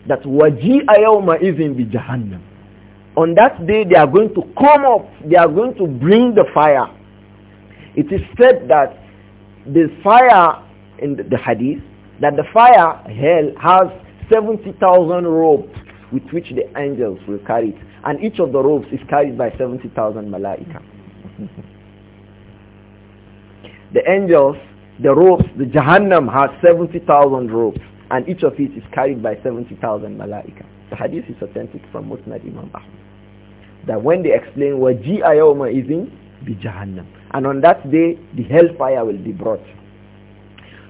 that وَجِئَ يَوْمَ bi Jahannam, On that day they are going to come up, they are going to bring the fire. It is said that the fire in the, the hadith, that the fire, hell, has 70,000 ropes with which the angels will carry it. And each of the robes is carried by 70,000 malaika. the angels, the robes, the Jahannam has 70,000 robes and each of it is carried by 70,000 malaika. The hadith is authentic from Musnad Imam Ahmad. That when they explain what Jiyawma is in, be Jahannam. And on that day, the hellfire will be brought.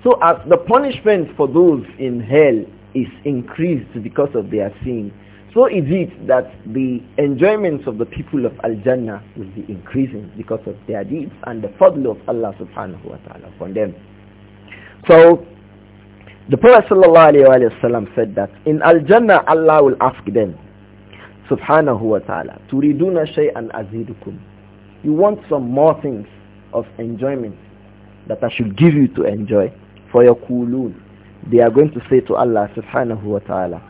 So as the punishment for those in hell is increased because of their sin. So is it that the enjoyments of the people of Al-Jannah will be increasing because of their deeds and the fadl of Allah subhanahu wa ta'ala upon them. So the Prophet sallallahu said that in Al-Jannah Allah will ask them subhanahu wa ta'ala turiduna shay'an azidukum you want some more things of enjoyment that I should give you to enjoy for your kulun they are going to say to Allah subhanahu wa ta'ala,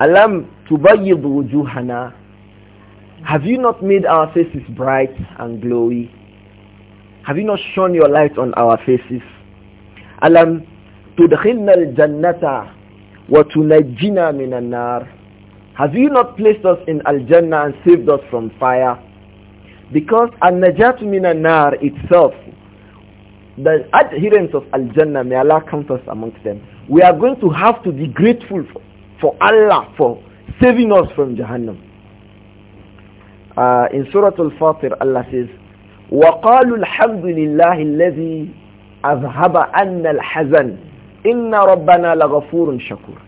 Alam tubayyid wujuhana, have you not made our faces bright and glowy? Have you not shone your light on our faces? Alam tudkhilna al-jannata wa tunajjina min an-nar. Have you not placed us in al-jannah and saved us from fire? Because an najat min an-nar itself the adherents of Al-Jannah, may Allah count us amongst them, we are going to have to be grateful for, for Allah for saving us from Jahannam. Uh, in Surah Al-Fatir, Allah says, وَقَالُوا الْحَمْدُ لِلَّهِ الَّذِي أَذْهَبَ عَنَّا الْحَزَنِ إِنَّ رَبَّنَا لَغَفُورٌ شَكُورٌ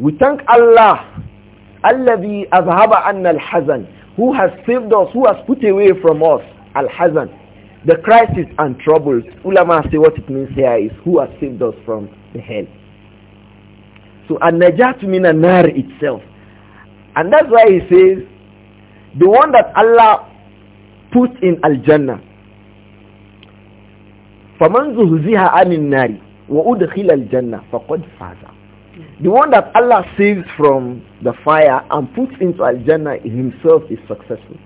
We thank Allah, الَّذِي أَذْهَبَ عَنَّا الْحَزَنِ Who has saved us, who has put away from us, Al-Hazan, the crisis and troubles, ulama say what it means here is who has saved us from the hell. So an-najat min an-nar itself. And that's why he says, the one that Allah put in al-jannah, فَمَنْ زُهْزِهَا عَنِ النَّارِ وَأُدْخِلَ الْجَنَّةِ فَقَدْ فَازَ The one that Allah saves from the fire and puts into al-jannah himself is successful.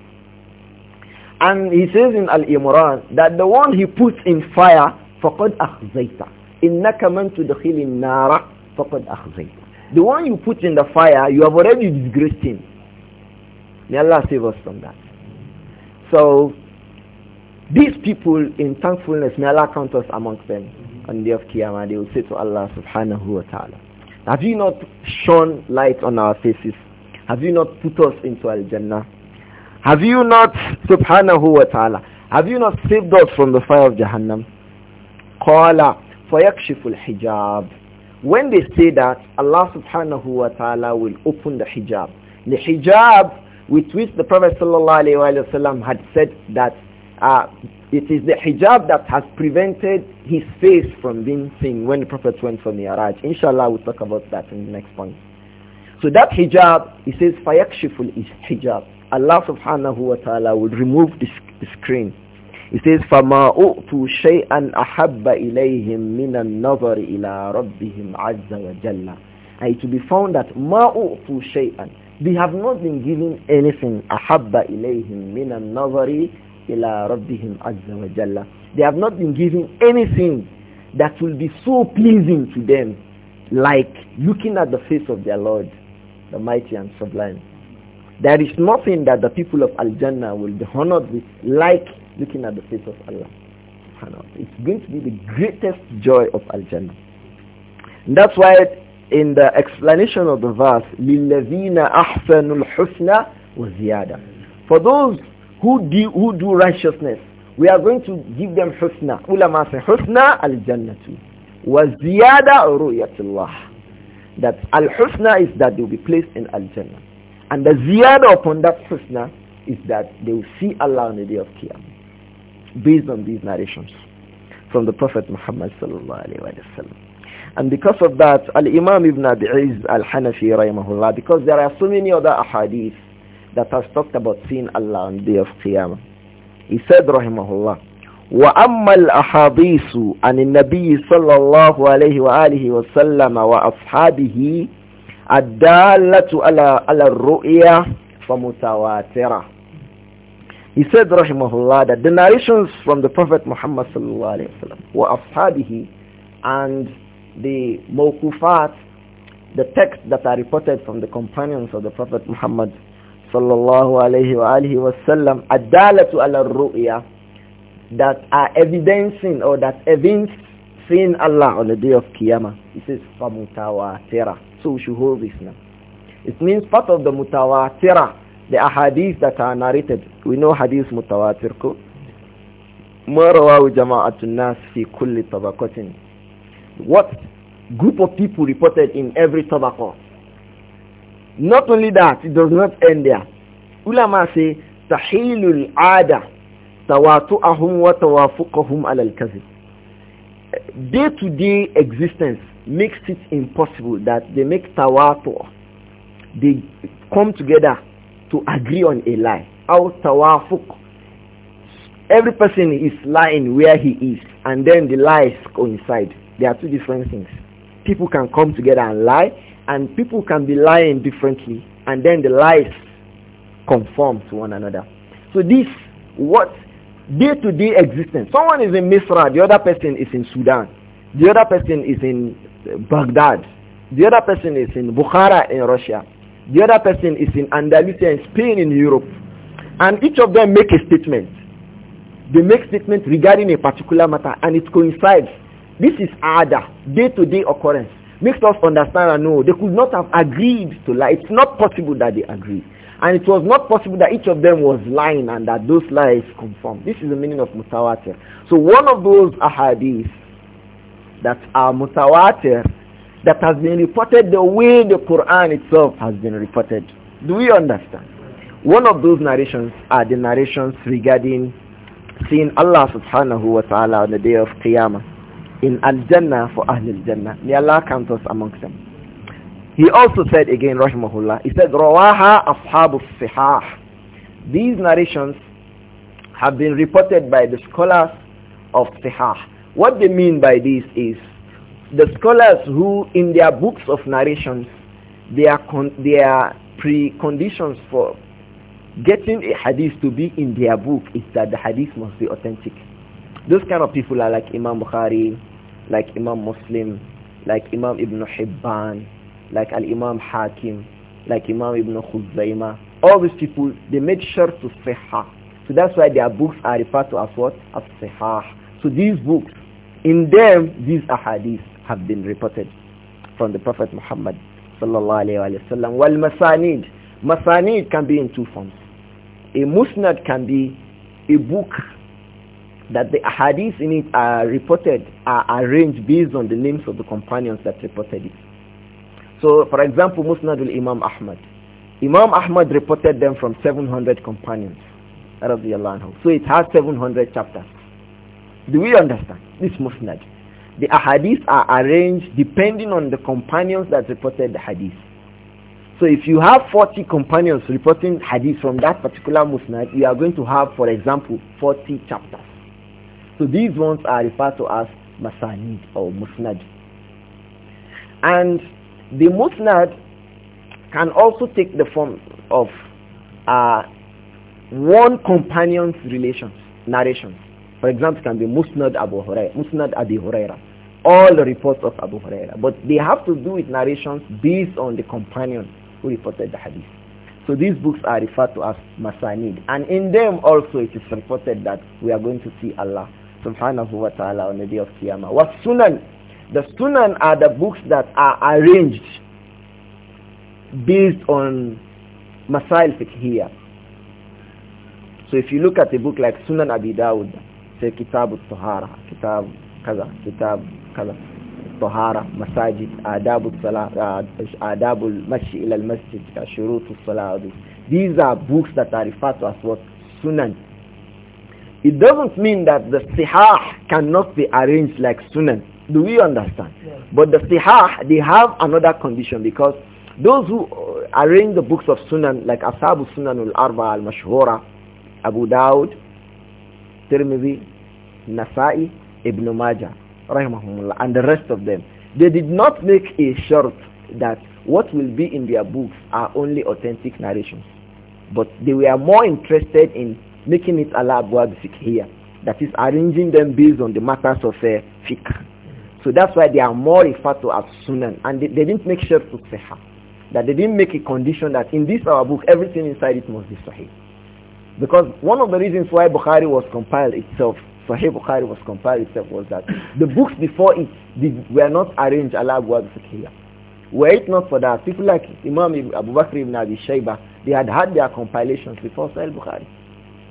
And he says in Al-Imran that the one he puts in fire, فَقَدْ أَخْزَيْتَ إِنَّكَ مَنْ تُدْخِلِ النَّارَ فَقَدْ أَخْزَيْتَ The one you put in the fire, you have already disgraced him. May Allah save us from that. So, these people in thankfulness, may Allah count us amongst them. On the day of Qiyamah, they will say to Allah subhanahu wa ta'ala, Have you not shone light on our faces? Have you not put us into Al-Jannah? Have you not, subhanahu wa ta'ala, have you not saved us from the fire of Jahannam? Qala fayakshiful hijab. When they say that, Allah subhanahu wa ta'ala will open the hijab. The hijab with which the Prophet sallallahu had said that uh, it is the hijab that has prevented his face from being seen when the Prophet went for Mi'raj. Inshallah we'll talk about that in the next point. So that hijab, he says fayakshiful hijab. Allah subhanahu wa ta'ala will remove this screen. It says, فَمَا أُؤْتُوا شَيْئًا أَحَبَّ إِلَيْهِمْ مِنَ النَّظَرِ إِلَىٰ رَبِّهِمْ عَزَّ وَجَلَّ And it will be found that مَا أُؤْتُوا شَيْئًا They have not been given anything أَحَبَّ إِلَيْهِمْ مِنَ النَّظَرِ إِلَىٰ رَبِّهِمْ عَزَّ وَجَلَّ They have not been given anything that will be so pleasing to them like looking at the face of their Lord, the mighty and sublime. There is nothing that the people of Al-Jannah will be honored with like looking at the face of Allah. It's going to be the greatest joy of Al-Jannah. That's why in the explanation of the verse, لِلَّذِينَ أَحْسَنُوا الْحُسْنَى وَزِيَادَةً For those who do, who do righteousness, we are going to give them husna. Ulama say husna al-jannatu. وَزِيَادَةً رُؤْيَةِ اللَّهِ That al-husna is that they will be placed in al-jannah. And the ziyada upon that prisoner is that they will see Allah on the day of Qiyamah based on these narrations from the Prophet Muhammad sallallahu alaihi wasallam. And because of that, Al-Imam Ibn Abi Iz Al-Hanafi rahimahullah, because there are so many other ahadith that has talked about seeing Allah on the day of Qiyamah. He said rahimahullah, وأما الأحاديث عن النبي صلى الله عليه وآله وسلم وأصحابه tu ala على الرؤيا فمتواترة He said rahimahullah that the narrations from the Prophet Muhammad sallallahu alayhi wa were ashabihi and the mawkufat the texts that are reported from the companions of the Prophet Muhammad sallallahu alaihi wa alihi tu ala ru'ya that are evidencing or that evince seeing Allah on the day of Qiyamah. He says famutawatira. So we should hold this now. It means part of the mutawatira, the ahadith that are narrated. We know hadith mutawatir ko. jama'atun nas fi kulli tabaqatin. What group of people reported in every tabaqah. Not only that, it does not end there. Ulama say, tahilul ada tawatu'ahum wa tawafuqahum ala al-kazib. Day-to-day existence makes it impossible that they make tawatur. They come together to agree on a lie. Out tawafuq. Every person is lying where he is and then the lies coincide. There are two different things. People can come together and lie and people can be lying differently and then the lies conform to one another. So this, what day to -day existence. Someone is in Misra, the other person is in Sudan, the other person is in Baghdad. The other person is in Bukhara in Russia. The other person is in Andalusia in Spain in Europe. And each of them make a statement. They make statement regarding a particular matter and it coincides. This is ada, day-to-day occurrence. Makes us understand and know they could not have agreed to lie. It's not possible that they agreed. And it was not possible that each of them was lying and that those lies confirmed. This is the meaning of mutawatir. So one of those ahadith that are mutawatir that has been reported the way the Quran itself has been reported. Do we understand? One of those narrations are the narrations regarding seeing Allah subhanahu wa ta'ala on the day of Qiyamah in Al-Jannah for Ahlul Jannah. May Allah count us amongst them. He also said again, rahimahullah, he said, Rawaha ashabu sihah. These narrations have been reported by the scholars of sihah. What they mean by this is the scholars who in their books of narrations, their, con- their preconditions for getting a hadith to be in their book is that the hadith must be authentic. Those kind of people are like Imam Bukhari, like Imam Muslim, like Imam Ibn Hibban, like Al-Imam Hakim, like Imam Ibn Khuzaimah. All these people, they made sure to sahih. So that's why their books are referred to as what? As sahih. So these books, in them, these ahadith have been reported from the Prophet Muhammad sallallahu alayhi wa sallam. Wal masanid. Masanid can be in two forms. A musnad can be a book that the ahadith in it are reported, are arranged based on the names of the companions that reported it. So, for example, Musnad al-Imam Ahmad. Imam Ahmad reported them from 700 companions. So it has 700 chapters. Do we understand? This musnad. The ahadith are arranged depending on the companions that reported the hadith. So if you have 40 companions reporting hadith from that particular musnad, you are going to have, for example, 40 chapters. So these ones are referred to as masanid or musnad. And the musnad can also take the form of uh, one companion's relations, narrations. For example, can be Musnad Abu Huraira, Musnad Abi Huraira. All the reports of Abu Huraira. But they have to do with narrations based on the companion who reported the hadith. So these books are referred to as Masanid. And in them also it is reported that we are going to see Allah subhanahu wa ta'ala on the day of Qiyamah. What Sunan? The Sunan are the books that are arranged based on Masail Fiqhiyah. So if you look at a book like Sunan Abi Dawud, سي كتاب الطهارة كتاب كذا كتاب كذا الطهارة مساجد آداب الصلاة آداب المشي إلى المسجد شروط الصلاة these are books that are referred to as what sunan it doesn't mean that the sihah cannot be arranged like sunan do we understand yeah. but the sihah they have another condition because those who arrange the books of sunan like ashab sunan al-arba al-mashhura abu Dawud Tirmidhi, Nasa'i, Ibn Majah, rahimahumullah, and the rest of them. They did not make a short that what will be in their books are only authentic narrations. But they were more interested in making it Allah here. That is arranging them based on the matters of uh, fiqh. So that's why they are more referred to as sunan. And they, they didn't make sure to say That they didn't make a condition that in this our book, everything inside it must be sahih. Because one of the reasons why Bukhari was compiled itself, Sahih Bukhari was compiled itself was that the books before it did, were not arranged ala Fiqhiyah. Were it not for that, people like Imam Abu Bakr ibn Abi Shayba, they had had their compilations before Sahih Bukhari.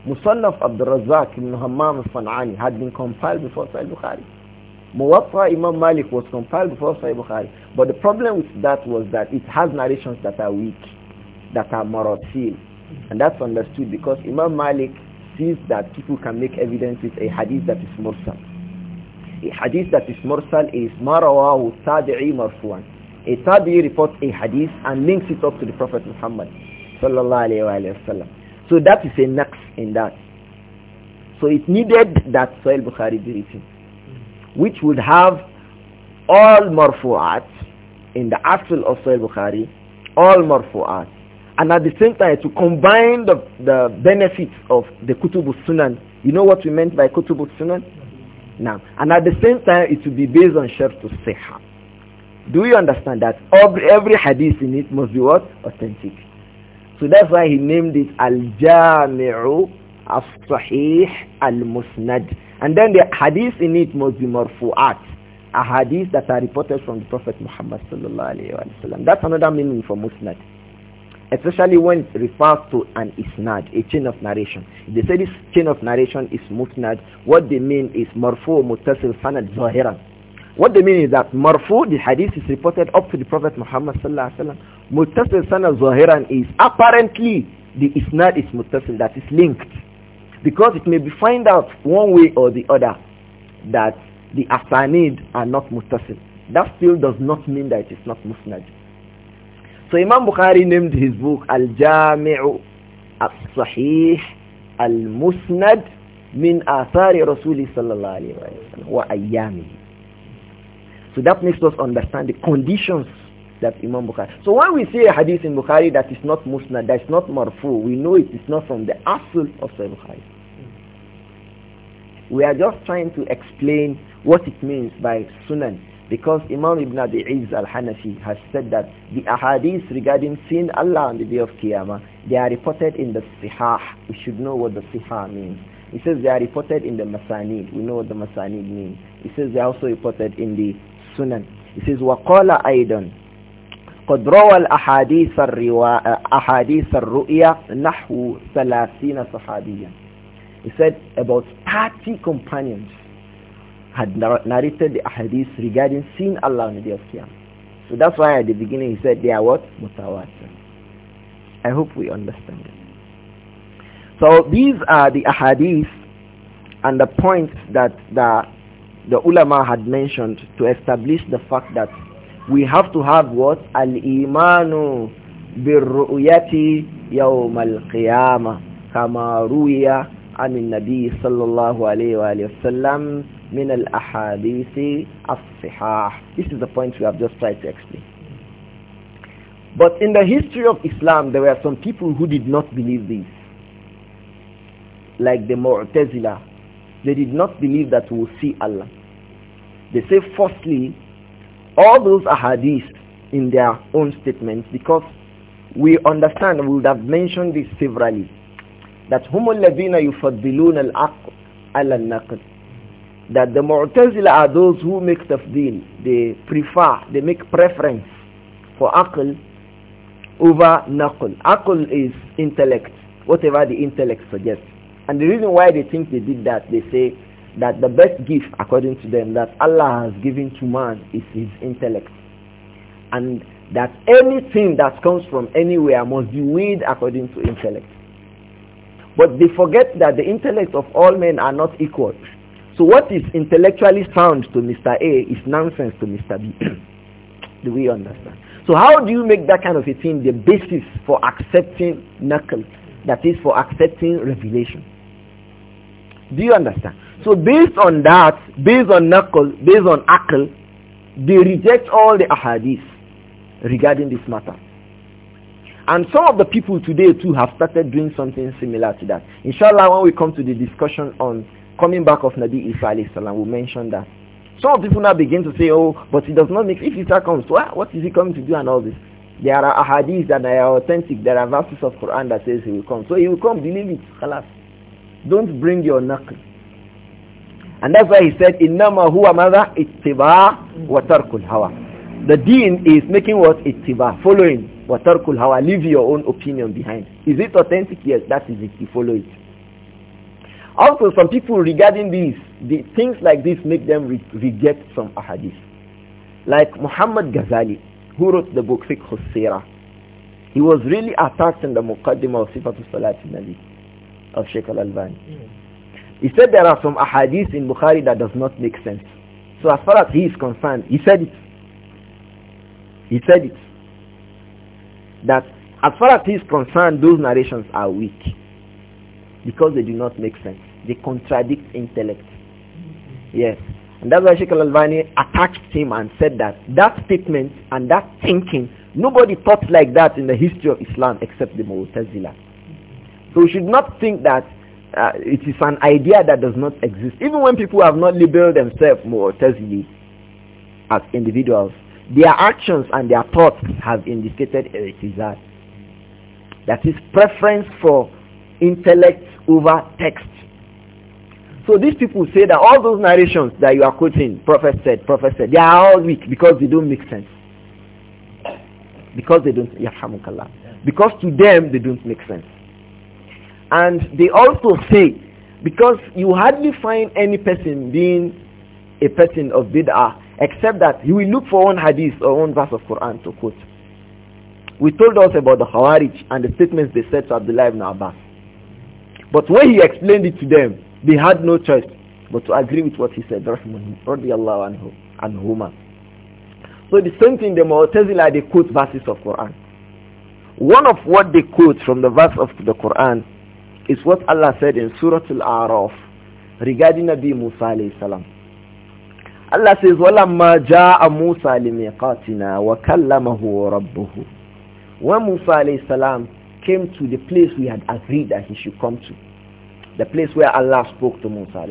Musannaf Abdul Razak ibn Hammam al had been compiled before Sahih Bukhari. Muwatta Imam Malik was compiled before Sahih Bukhari. But the problem with that was that it has narrations that are weak, that are marasil, and that's understood because Imam Malik sees that people can make evidence with a hadith that is mursal. A hadith that is mursal is marawahu tabi'i marfu'an. A tabi'i reports a hadith and links it up to the Prophet Muhammad sallallahu alayhi wa sallam. So that is a naqs in that. So it needed that Sahih Bukhari be written, which would have all marfu'at in the actual of Sahih Bukhari, all marfu'at and at the same time, to combine the, the benefits of the Kutubu Sunan. You know what we meant by Kutubu Sunan? Now, and at the same time, it will be based on to Seha. Do you understand that? Every, every hadith in it must be what? Authentic. So that's why he named it Al-Jami'u As-Sahih Al-Musnad. And then the hadith in it must be marfu'at. A hadith that are reported from the Prophet Muhammad sallallahu alayhi wa sallam. That's another meaning for Musnad especially when it refers to an isnad, a chain of narration. If they say this chain of narration is mutnad, what they mean is marfu mutasil sanad zahiran. What they mean is that marfu, the hadith is reported up to the Prophet Muhammad sallallahu alaihi wasallam. Mutasil sanad zahiran is apparently the isnad is mutasil, that is linked. Because it may be found out one way or the other that the asanid are not mutasil. That still does not mean that it is not musnad so Imam Bukhari named his book Al-Jami'u Al-Sahih Al-Musnad Min Athari Rasuli Sallallahu Alaihi Wasallam Wa Ayyami. So that makes us understand the conditions that Imam Bukhari. So when we see a hadith in Bukhari that is not Musnad, that is not Marfu, we know it is not from the Asul of Bukhari. We are just trying to explain what it means by Sunan because Imam Ibn Abi Iz al-Hanafi has said that the ahadith regarding seeing Allah on the day of Qiyamah, they are reported in the Sihah. We should know what the Sihah means. He says they are reported in the Masanid. We know what the Masanid means. He says they are also reported in the Sunan. He says, وَقَالَ أَيْضًا قد روى الأحاديث الروا... أحاديث الرؤيا نحو ثلاثين صحابيا. He said about 30 companions had narrated the hadith regarding seeing Allah on the day of Qiyam. So that's why at the beginning he said they are what? Mutawatir. I hope we understand it. So these are the ahadith and the points that the, the ulama had mentioned to establish the fact that we have to have what? Al-imanu birru'yati yawm al-qiyamah kama ruya anin nabi sallallahu alayhi wa sallam min al ahadisi as-sihah. This is the point we have just tried to explain. But in the history of Islam, there were some people who did not believe this. Like the Mu'tazila. They did not believe that we will see Allah. They say, firstly, all those ahadith in their own statements, because we understand, we would have mentioned this severally, that هم الذين يفضلون العقل على النقل that the Mu'tazila are those who make tafdeel, They prefer, they make preference for aql over naql. Aql is intellect, whatever the intellect suggests. And the reason why they think they did that, they say that the best gift, according to them, that Allah has given to man is his intellect. And that anything that comes from anywhere must be weighed according to intellect. But they forget that the intellect of all men are not equal. So what is intellectually sound to Mr. A is nonsense to Mr. B. do we understand? So how do you make that kind of a thing the basis for accepting knuckle? That is for accepting revelation. Do you understand? So based on that, based on knuckle, based on akal, they reject all the ahadith regarding this matter. And some of the people today too have started doing something similar to that. Inshallah, when we come to the discussion on coming back of Nabi Isa alayhi salam, we mentioned that. Some people now begin to say, oh, but it does not make, if Isa comes, what is he coming to do and all this? There are ahadith that are authentic, there are verses of Quran that says he will come. So he will come, believe it, khalas. Don't bring your knuckle. And that's why he said, إِنَّمَا mada مَذَا wa tarkul hawa. The deen is making what? Ittiba, following. tarkul hawa. leave your own opinion behind. Is it authentic? Yes, that is it. You follow it. Also, some people regarding these, the, things like this make them re reject some ahadith. Like Muhammad Ghazali, who wrote the book Fiqh Sirah. He was really attacked in the Muqaddimah of Sifatul Salat of Sheikh Al-Albani. Hmm. He said there are some ahadith in Bukhari that does not make sense. So as far as he is concerned, he said it. He said it. That as far as he is concerned, those narrations are weak because they do not make sense they contradict intellect. Yes. And that's why Sheikh Al-Albani attacked him and said that that statement and that thinking, nobody thought like that in the history of Islam except the Mu'tazila. So we should not think that uh, it is an idea that does not exist. Even when people have not labeled themselves Mu'tazili as individuals, their actions and their thoughts have indicated it is that. That is preference for intellect over text so these people say that all those narrations that you are quoting, Prophet said, Prophet said, they are all weak because they don't make sense. Because they don't, Yahhamukallah. Because to them, they don't make sense. And they also say, because you hardly find any person being a person of bid'ah, except that he will look for one hadith or one verse of Quran to quote. We told us about the Khawarij and the statements they said to Abdullah ibn Abbas. But when he explained it to them, they had no choice but to agree with what he said, radiallahu anhu, anhuma. So the same thing, the Mu'tazila, they quote verses of Quran. One of what they quote from the verse of the Quran is what Allah said in Surah Al-A'raf regarding Nabi Musa alayhi salam. Allah says, وَلَمَّا جَاءَ مُوسَى لِمِيقَاتِنَا وَكَلَّمَهُ رَبُّهُ When Musa alayhi came to the place we had agreed that he should come to, the place where Allah spoke to Musa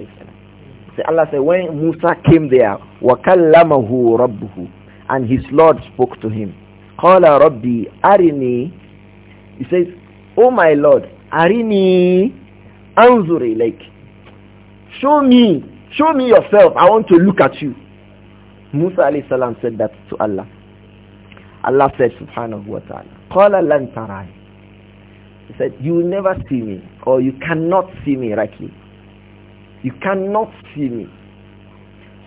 See, Allah said when Musa came there وَكَلَّمَهُ رَبُّهُ and his Lord spoke to him قَالَ رَبِّي أَرِنِي he says oh my Lord أَرِنِي أَنْظُرِ like, show me show me yourself I want to look at you Musa alayhi salam said that to Allah Allah said subhanahu wa ta'ala قَالَ لَنْ تَرَانِ he said, you will never see me or you cannot see me rightly. You cannot see me.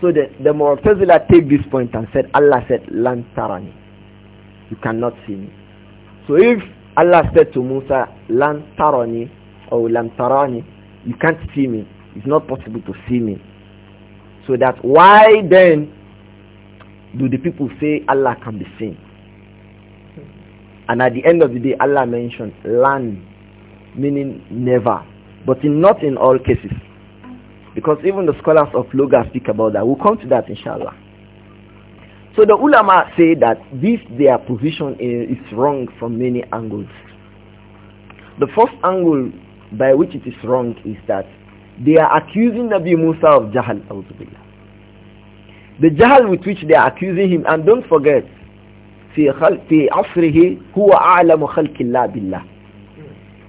So the, the Mu'tazila take this point and said, Allah said, Lan tarani. You cannot see me. So if Allah said to Musa, Lan tarani or Lan tarani, you can't see me. It's not possible to see me. So that why then do the people say Allah can be seen? And at the end of the day, Allah mentioned land, meaning never. But in, not in all cases. Because even the scholars of Loga speak about that. We'll come to that inshallah. So the ulama say that this their position is wrong from many angles. The first angle by which it is wrong is that they are accusing Nabi Musa of Jahal. The Jahal with which they are accusing him, and don't forget, في في عصره هو أعلم خلق الله بالله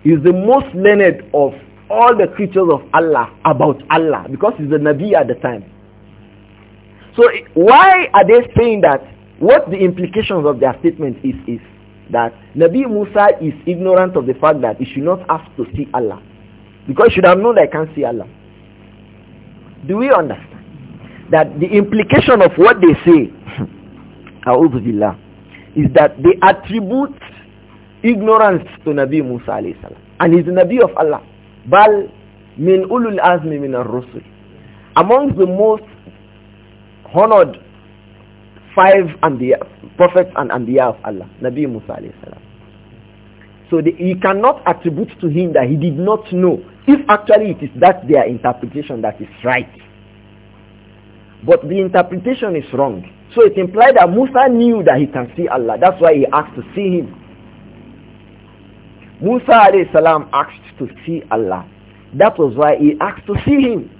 He is the most learned of all the creatures of Allah about Allah because he's a Nabi at the time. So why are they saying that? What the implications of their statement is is that Nabi Musa is ignorant of the fact that he should not ask to see Allah because he should have known that he can't see Allah. Do we understand that the implication of what they say? A'udhu billah is that they attribute ignorance to Nabi Musa alayhi salam. And he's the Nabi of Allah. Bal min ulul azmi min ar-rusul. Among the most honored five Anbiya, prophets and Anbiya of Allah, Nabi Musa alayhi salam. So the, cannot attribute to him that he did not know if actually it is that their interpretation that is right. But the interpretation is wrong. So it implied that Musa knew that he can see Allah. That's why he asked to see him. Musa salam asked to see Allah. That was why he asked to see him.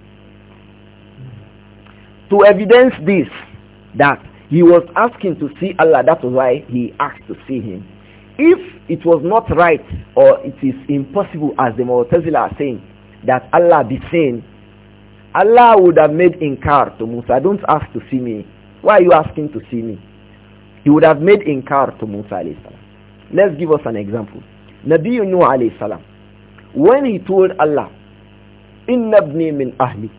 To evidence this, that he was asking to see Allah, that was why he asked to see him. If it was not right or it is impossible as the Mu'tazila are saying that Allah be seen, Allah would have made inkar to Musa, don't ask to see me. Why are you asking to see me? He would have made inkar to Musa alayhi salam. Let's give us an example. Nabi Nuh alayhi salam, when he told Allah, Inna ibni min ahli.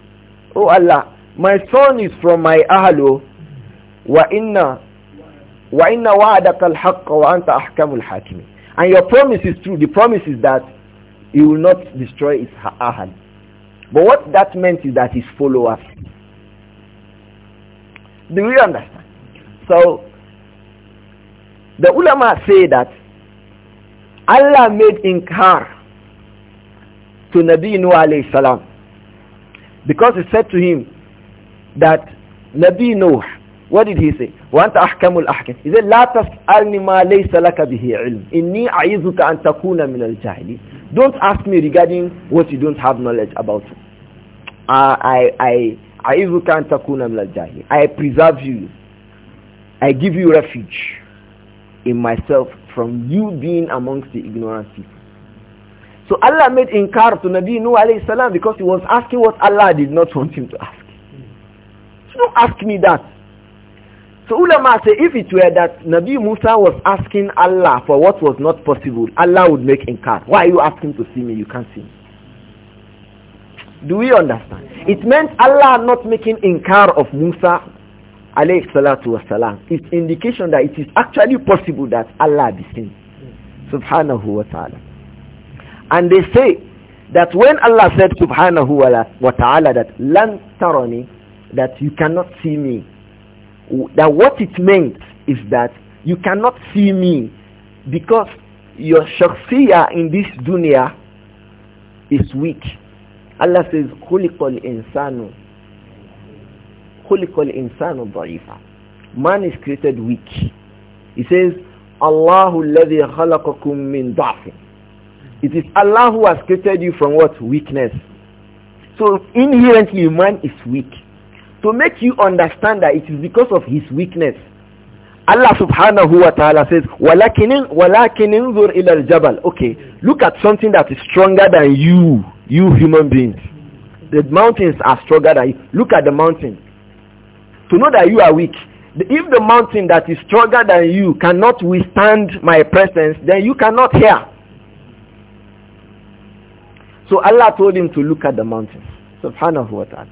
Oh Allah, my son is from my ahlu. Wa inna wa inna wa'adaka al-haqq wa anta ahkamul hakimin. And your promise is true. The promise is that he will not destroy his ahal. But what that meant is that his followers do we understand? So, the ulama say that Allah made inkar to Nabi Nuh alayhi salam because he said to him that Nabi Nuh, what did he say? وَأَنْتَ أَحْكَمُ الْأَحْكَمِ He said, لَا تَسْأَلْنِ مَا لَيْسَ لَكَ بِهِ عِلْمٍ إِنِّي أَعِذُكَ أَنْ تَكُونَ مِنَ الْجَاهِلِينَ Don't ask me regarding what you don't have knowledge about. Uh, I, I, أعيذك أن تكون من I preserve you I give you refuge in myself from you being amongst the ignorant people so Allah made inkar to Nabi nu alayhi salam because he was asking what Allah did not want him to ask so don't ask me that so ulama say if it were that Nabi Musa was asking Allah for what was not possible Allah would make inkar why are you asking to see me you can't see me do we understand? It meant Allah not making inkar of Musa alayhi salatu wasalam. It's indication that it is actually possible that Allah be seen. Subhanahu wa ta'ala. And they say that when Allah said subhanahu wa ta'ala that lan tarani, that you cannot see me, that what it meant is that you cannot see me because your shakhsiyah in this dunya is weak Allah says, Khulikol insanu. Khulikol insanu da'ifa. Man is created weak. He says, Allahu alladhi khalaqakum min da'fin. It is Allah who has created you from what? Weakness. So inherently man is weak. To make you understand that it is because of his weakness Allah subhanahu wa ta'ala says, وَلَكِنْ انظُرْ إِلَى Jabal." Okay, look at something that is stronger than you, you human beings. The mountains are stronger than you. Look at the mountain. To know that you are weak. If the mountain that is stronger than you cannot withstand my presence, then you cannot hear. So Allah told him to look at the mountain. Subhanahu wa ta'ala.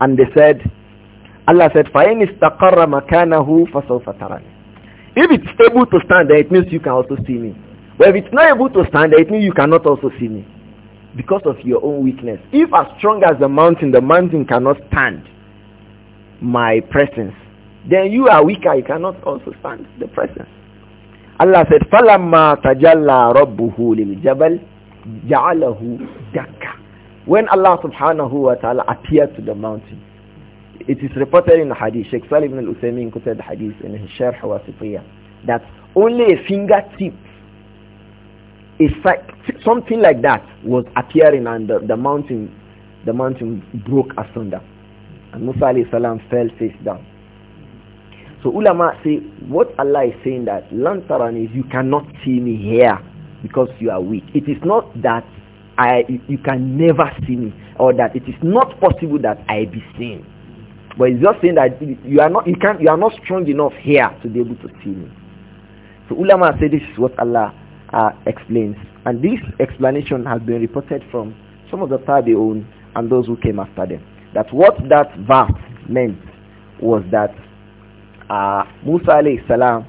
And they said, Allah said, فَإِنِ اسْتَقَرَّ fa فَسَوْفَ تَرَانِ If it's able to stand there, it means you can also see me. But if it's not able to stand there, it means you cannot also see me. Because of your own weakness. If as strong as the mountain, the mountain cannot stand my presence, then you are weaker, you cannot also stand the presence. Allah said, فَلَمَّا تَجَلَّى رَبُّهُ لِلْجَبَلِ جَعَلَهُ دَكَّ When Allah subhanahu wa ta'ala appeared to the mountain, it is reported in the hadith, Sheikh Salih ibn al-Uthaymeen quoted the hadith in his Sharh wa that only a fingertip, is fact, something like that was appearing and the, the mountain the mountain broke asunder. And Musa salam fell face down. So ulama say, what Allah is saying that, lantaran is you cannot see me here because you are weak. It is not that I, you can never see me or that it is not possible that I be seen. But it's just saying that you are not you can't you are not strong enough here to be able to see me. So ulama say this is what Allah uh, explains, and this explanation has been reported from some of the own and those who came after them. That what that verse meant was that uh, Musa alayhi salam,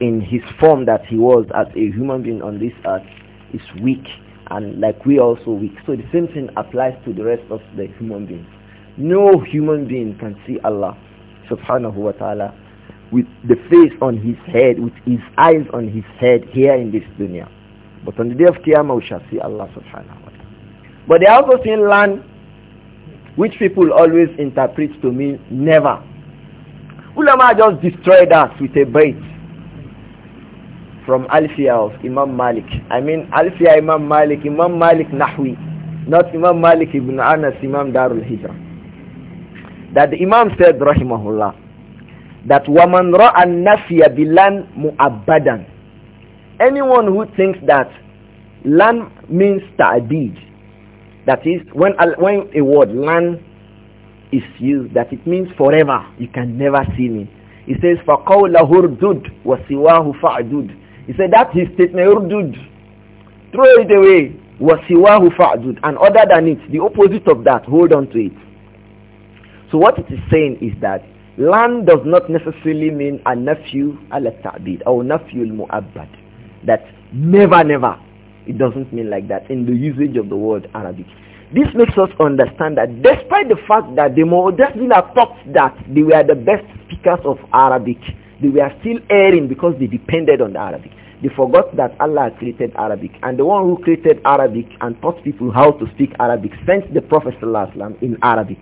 in his form that he was as a human being on this earth, is weak, and like we also weak. So the same thing applies to the rest of the human beings no human being can see Allah subhanahu wa ta'ala with the face on his head, with his eyes on his head here in this dunya. But on the day of Qiyamah we shall see Allah subhanahu wa ta'ala. But they also seen land which people always interpret to mean never. Ulama just destroyed us with a bait from Alfiya of Imam Malik. I mean Alfiya Imam Malik, Imam Malik Nahwi, not Imam Malik ibn Anas, Imam Darul Hijrah that the Imam said, rahimahullah, that وَمَنْ رَأَ النَّفْيَ بِلَنْ مُؤَبَّدًا Anyone who thinks that lan means ta'bid, that is, when a, when a word lan is used, that it means forever, you can never see me. He says, فَقَوْلَهُ اُرْدُدْ وَسِوَاهُ فَعْدُدْ He said, that that is statement, urdud. Throw it away. وَسِوَاهُ فَعْدُدْ And other than it, the opposite of that, hold on to it. So what it is saying is that land does not necessarily mean a nephew al-ta'bid or nephew al-mu'abbad. That never, never. It doesn't mean like that in the usage of the word Arabic. This makes us understand that despite the fact that the Mu'tazila thought that they were the best speakers of Arabic, they were still erring because they depended on the Arabic. They forgot that Allah created Arabic and the one who created Arabic and taught people how to speak Arabic sent the Prophet ﷺ in Arabic.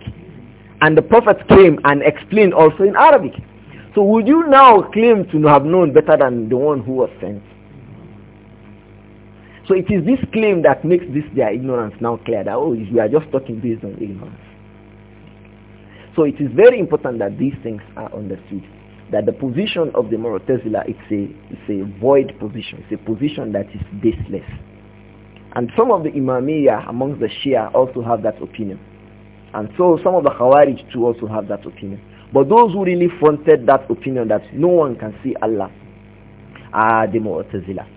And the Prophet came and explained also in Arabic. So would you now claim to have known better than the one who was sent? So it is this claim that makes this their ignorance now clear that, oh, we are just talking based on ignorance. So it is very important that these things are understood. That the position of the Mu'tazila it's a, it's a void position. It's a position that is baseless. And some of the Imamiyah amongst the Shia also have that opinion. And so some of the Khawarij too also have that opinion. But those who really fronted that opinion that no one can see Allah are the Mu'tazila.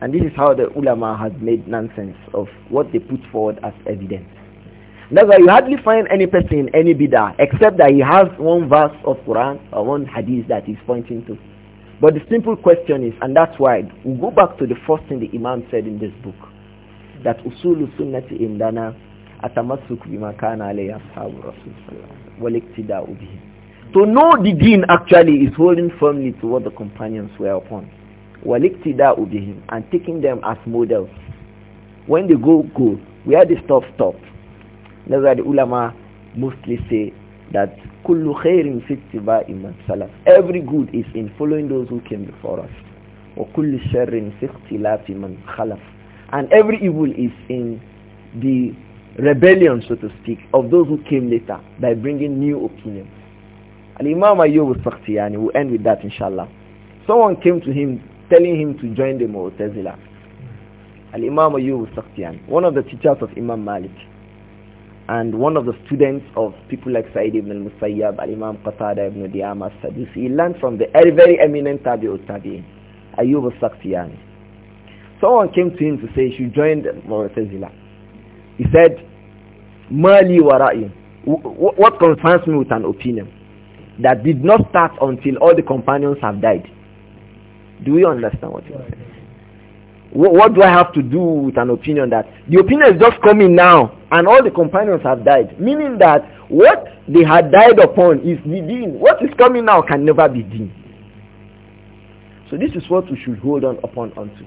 And this is how the ulama has made nonsense of what they put forward as evidence. That's why you hardly find any person in any bid'ah except that he has one verse of Quran or one hadith that he's pointing to. But the simple question is, and that's why we we'll go back to the first thing the Imam said in this book, that usulu sunnati indana atamasuk bima kana alayhi ashabu rasul wal iktida'u to know the deen actually is holding firmly to what the companions were upon wal iktida'u bihim and taking them as models when they go go where the stuff stop that's why the ulama mostly say that kullu khairin fi man salaf every good is in following those who came before us wa kullu sharrin fi man khalaf and every evil is in the rebellion, so to speak, of those who came later by bringing new opinions. And Imam Ayyub Saktiyani. will end with that inshallah. Someone came to him telling him to join the Mu'tazila. Al-Imam Ayyub al one of the teachers of Imam Malik and one of the students of people like Sa'id ibn al-Musayyab, Al-Imam Qatada ibn Diyama sadusi he learned from the very eminent Tabi'ut Tabi'in, Ayyub al Someone came to him to say you should join the Mu'tazila. He said, Mali wara'i. What concerns me with an opinion that did not start until all the companions have died? Do you understand what he said? What do I have to do with an opinion that the opinion is just coming now and all the companions have died? Meaning that what they had died upon is the deen. What is coming now can never be deen. So this is what we should hold on upon unto.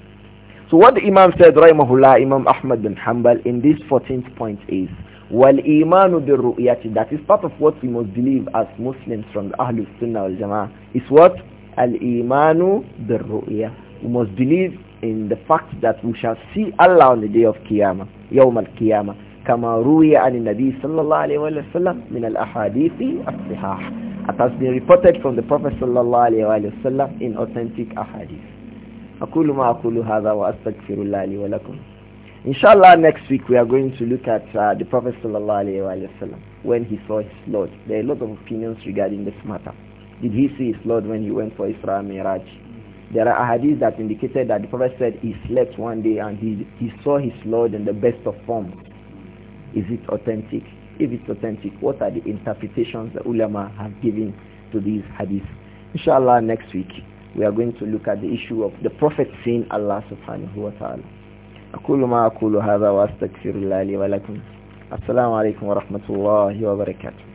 So what the Imam said, Rahimahullah, Imam Ahmad bin Hanbal, in this 14th point is, وَالْإِيمَانُ بِالرُّؤْيَةِ That is part of what we must believe as Muslims from the Ahlul Sunnah wal Jama'ah. Is what? Al-Imanu بِالرُّؤْيَةِ We must believe in the fact that we shall see Allah on the day of Qiyamah, يوم القيامة كما روي عن النبي صلى الله عليه وسلم من الأحاديث الصحاح It has been reported from the Prophet صلى الله عليه وسلم in authentic ahadith. أقول ما أقول هذا وأستغفر الله لي ولكم Inshallah next week we are going to look at uh, the Prophet sallallahu when he saw his Lord. There are a lot of opinions regarding this matter. Did he see his Lord when he went for Isra Miraj? There are hadiths that indicated that the Prophet said he slept one day and he, he saw his Lord in the best of form. Is it authentic? If it's authentic, what are the interpretations the ulama have given to these hadiths? Inshallah next week we are going to look at the issue of the Prophet saying Allah subhanahu wa ta'ala. أقول ما أقول هذا وأستغفر الله لي ولكم السلام عليكم ورحمة الله وبركاته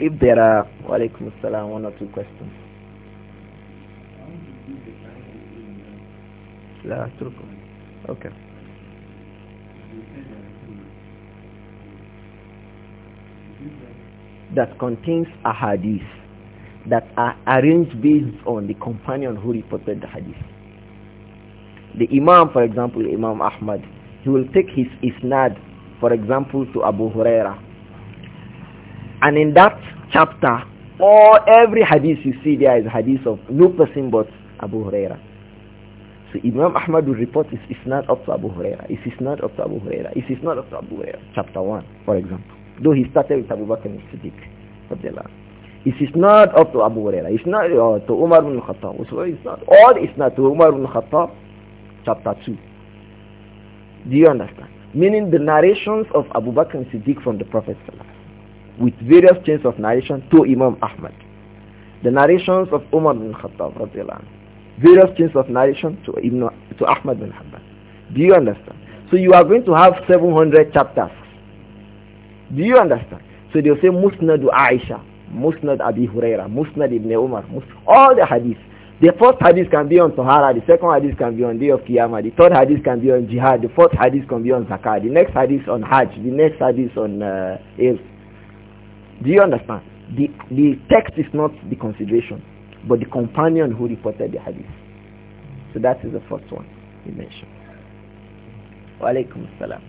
If there are, wa alaikum one or two questions. لا أترككم. Okay. that contains a hadith that are arranged based on the companion who reported the hadith. The Imam, for example, Imam Ahmad, he will take his isnad, for example, to Abu Huraira. And in that chapter, all every hadith you see there is hadith of no person but Abu Huraira. So Imam Ahmad will report his isnad up to Abu Huraira. It's isnad up to Abu Huraira. It's isnad up to Abu Huraira. Chapter 1, for example. Though he started with Abu Bakr Siddiq. It is not up to Abu Huraira. It's not uh, to Umar bin Khattab. It's not. All it's not to Umar bin Khattab, chapter 2. Do you understand? Meaning the narrations of Abu Bakr Siddiq from the Prophet with various chains of narration to Imam Ahmad. The narrations of Umar bin Khattab, various chains of narration to, Ibn, to Ahmad bin Hanbal. Do you understand? So you are going to have 700 chapters do you understand? So they'll say Musnad Aisha, Musnad Abi Huraira, Musnad Ibn Umar, Musnad, all the hadith. The first hadith can be on Tahara, the second hadith can be on Day of Qiyamah, the third hadith can be on Jihad, the fourth hadith can be on Zakah, the next hadith on Hajj, the next hadith on uh, Do you understand? The, the text is not the consideration, but the companion who reported the hadith. So that is the first one he mentioned. Wa alaikum salam.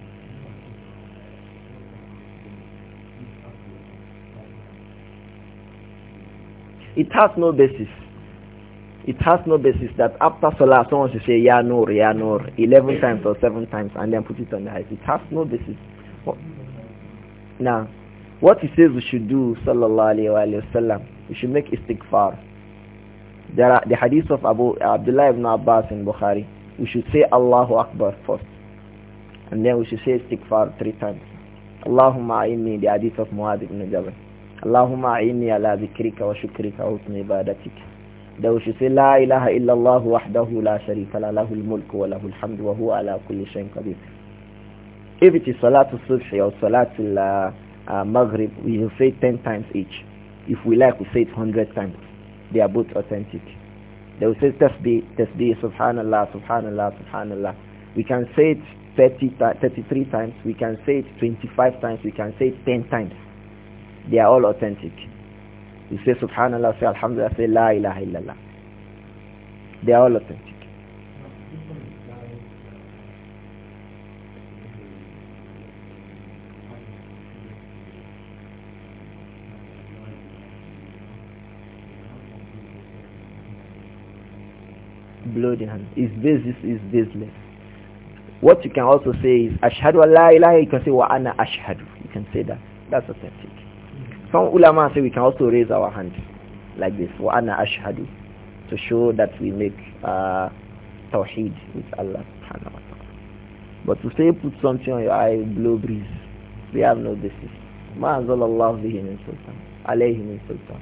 It has no basis. It has no basis that after Salah someone should say Ya Noor, Ya Noor, 11 times or 7 times and then put it on the eyes. It has no basis. What? Now, what he says we should do, sallallahu alaihi wasallam. we should make istighfar. There are the hadith of Abu Abdullah ibn Abbas in Bukhari. We should say Allahu Akbar first. And then we should say istighfar three times. Allahumma inni, the hadith of Muad ibn Jabal. اللهم أعني على ذكرك وشكرك وحسن عبادتك دوش لا إله إلا الله وحده لا شريك له له الملك وله الحمد وهو على كل شيء قدير If it is Salatul Subh or Salatul Maghrib, we will say 10 times each. If we like, we say it 100 times. They are both authentic. They will say Tasbih, Tasbih, Subhanallah, Subhanallah, Subhanallah. We can say it 30 33 times, we can say it 25 times, we can say it 10 times. They are all authentic. You say subhanallah, say alhamdulillah, say la ilaha illallah. They are all authentic. Bloody hand. Is basis is baseless. What you can also say is Ashhadu La ilaha you can say wa ana ashhadu. You can say that. That's authentic. Some ulama say we can also raise our hand like this. for ana ashhadu to show that we make uh, tawheed with Allah subhanahu wa ta'ala. But to say put something on your eye, blow breeze, we have no basis. Ma anzalallahu bihi min sultan, alayhi min sultan.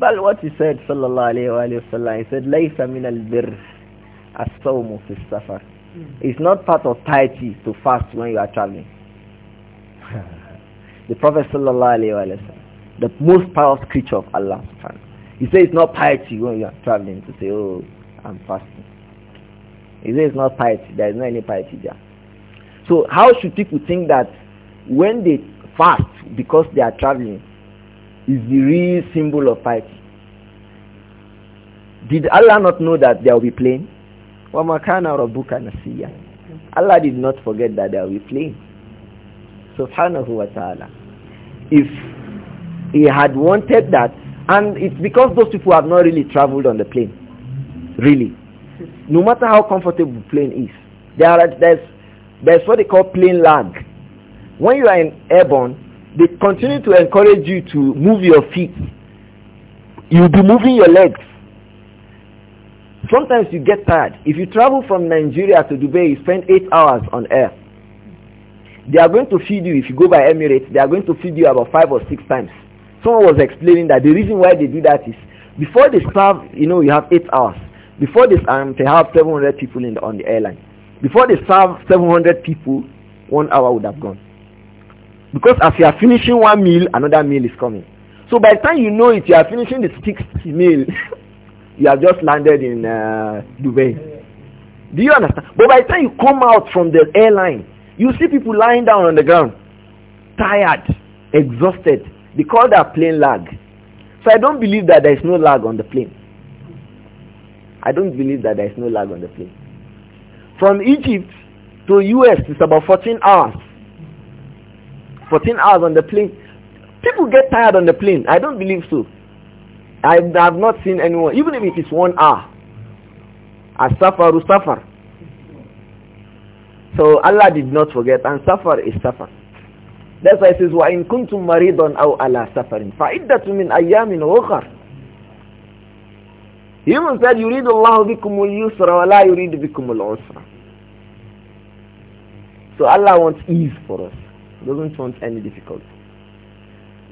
But what he said, sallallahu alayhi Wasallam sallam, he said, لَيْسَ مِنَ الْبِرِّ الصَّوْمُ فِي السَّفَرِ It's not part of piety to fast when you are traveling. the Prophet sallallahu alayhi Wasallam, the most powerful creature of Allah He said it's not piety when you are traveling to say, oh, I'm fasting. He said it's not piety. There is no any piety there. So how should people think that when they fast because they are traveling, is the real symbol of fighting. Did Allah not know that there will be plain? وَمَا كَانَ رَبُّكَ نَسِيًّا Allah did not forget that there will be plain. Subhanahu wa ta'ala. If he had wanted that, and it's because those people have not really traveled on the plane. Really. No matter how comfortable the plane is, there are, there's, there's what they call plane lag. When you are in airborne, they continue to encourage you to move your feet. You'll be moving your legs. Sometimes you get tired. If you travel from Nigeria to Dubai, you spend eight hours on air. They are going to feed you, if you go by Emirates, they are going to feed you about five or six times. Someone was explaining that the reason why they do that is before they serve, you know, you have eight hours. Before this, um, they have 700 people in the, on the airline. Before they serve 700 people, one hour would have gone. Because as you are finishing one meal, another meal is coming. So by the time you know it, you are finishing the sixth meal. you have just landed in uh, Dubai. Do you understand? But by the time you come out from the airline, you see people lying down on the ground, tired, exhausted. They call that plane lag. So I don't believe that there is no lag on the plane. I don't believe that there is no lag on the plane. From Egypt to US, is about 14 hours. 14 hours on the plane. People get tired on the plane. I don't believe so. I have not seen anyone, even if it is one hour. As-safaru suffer. So Allah did not forget, and suffer is suffer. That's why it says, وَإِن كُنْتُمْ مَرِيضًا أَوْ عَلَى سَفَرٍ فَعِدَّةٌ مِنْ أَيَّامٍ أُخَرٍ Human said, يُرِيدُ اللَّهُ بِكُمُ الْيُسْرَ وَلَا يُرِيدُ بِكُمُ الْعُسْرَ So Allah wants ease for us doesn't want any difficulty.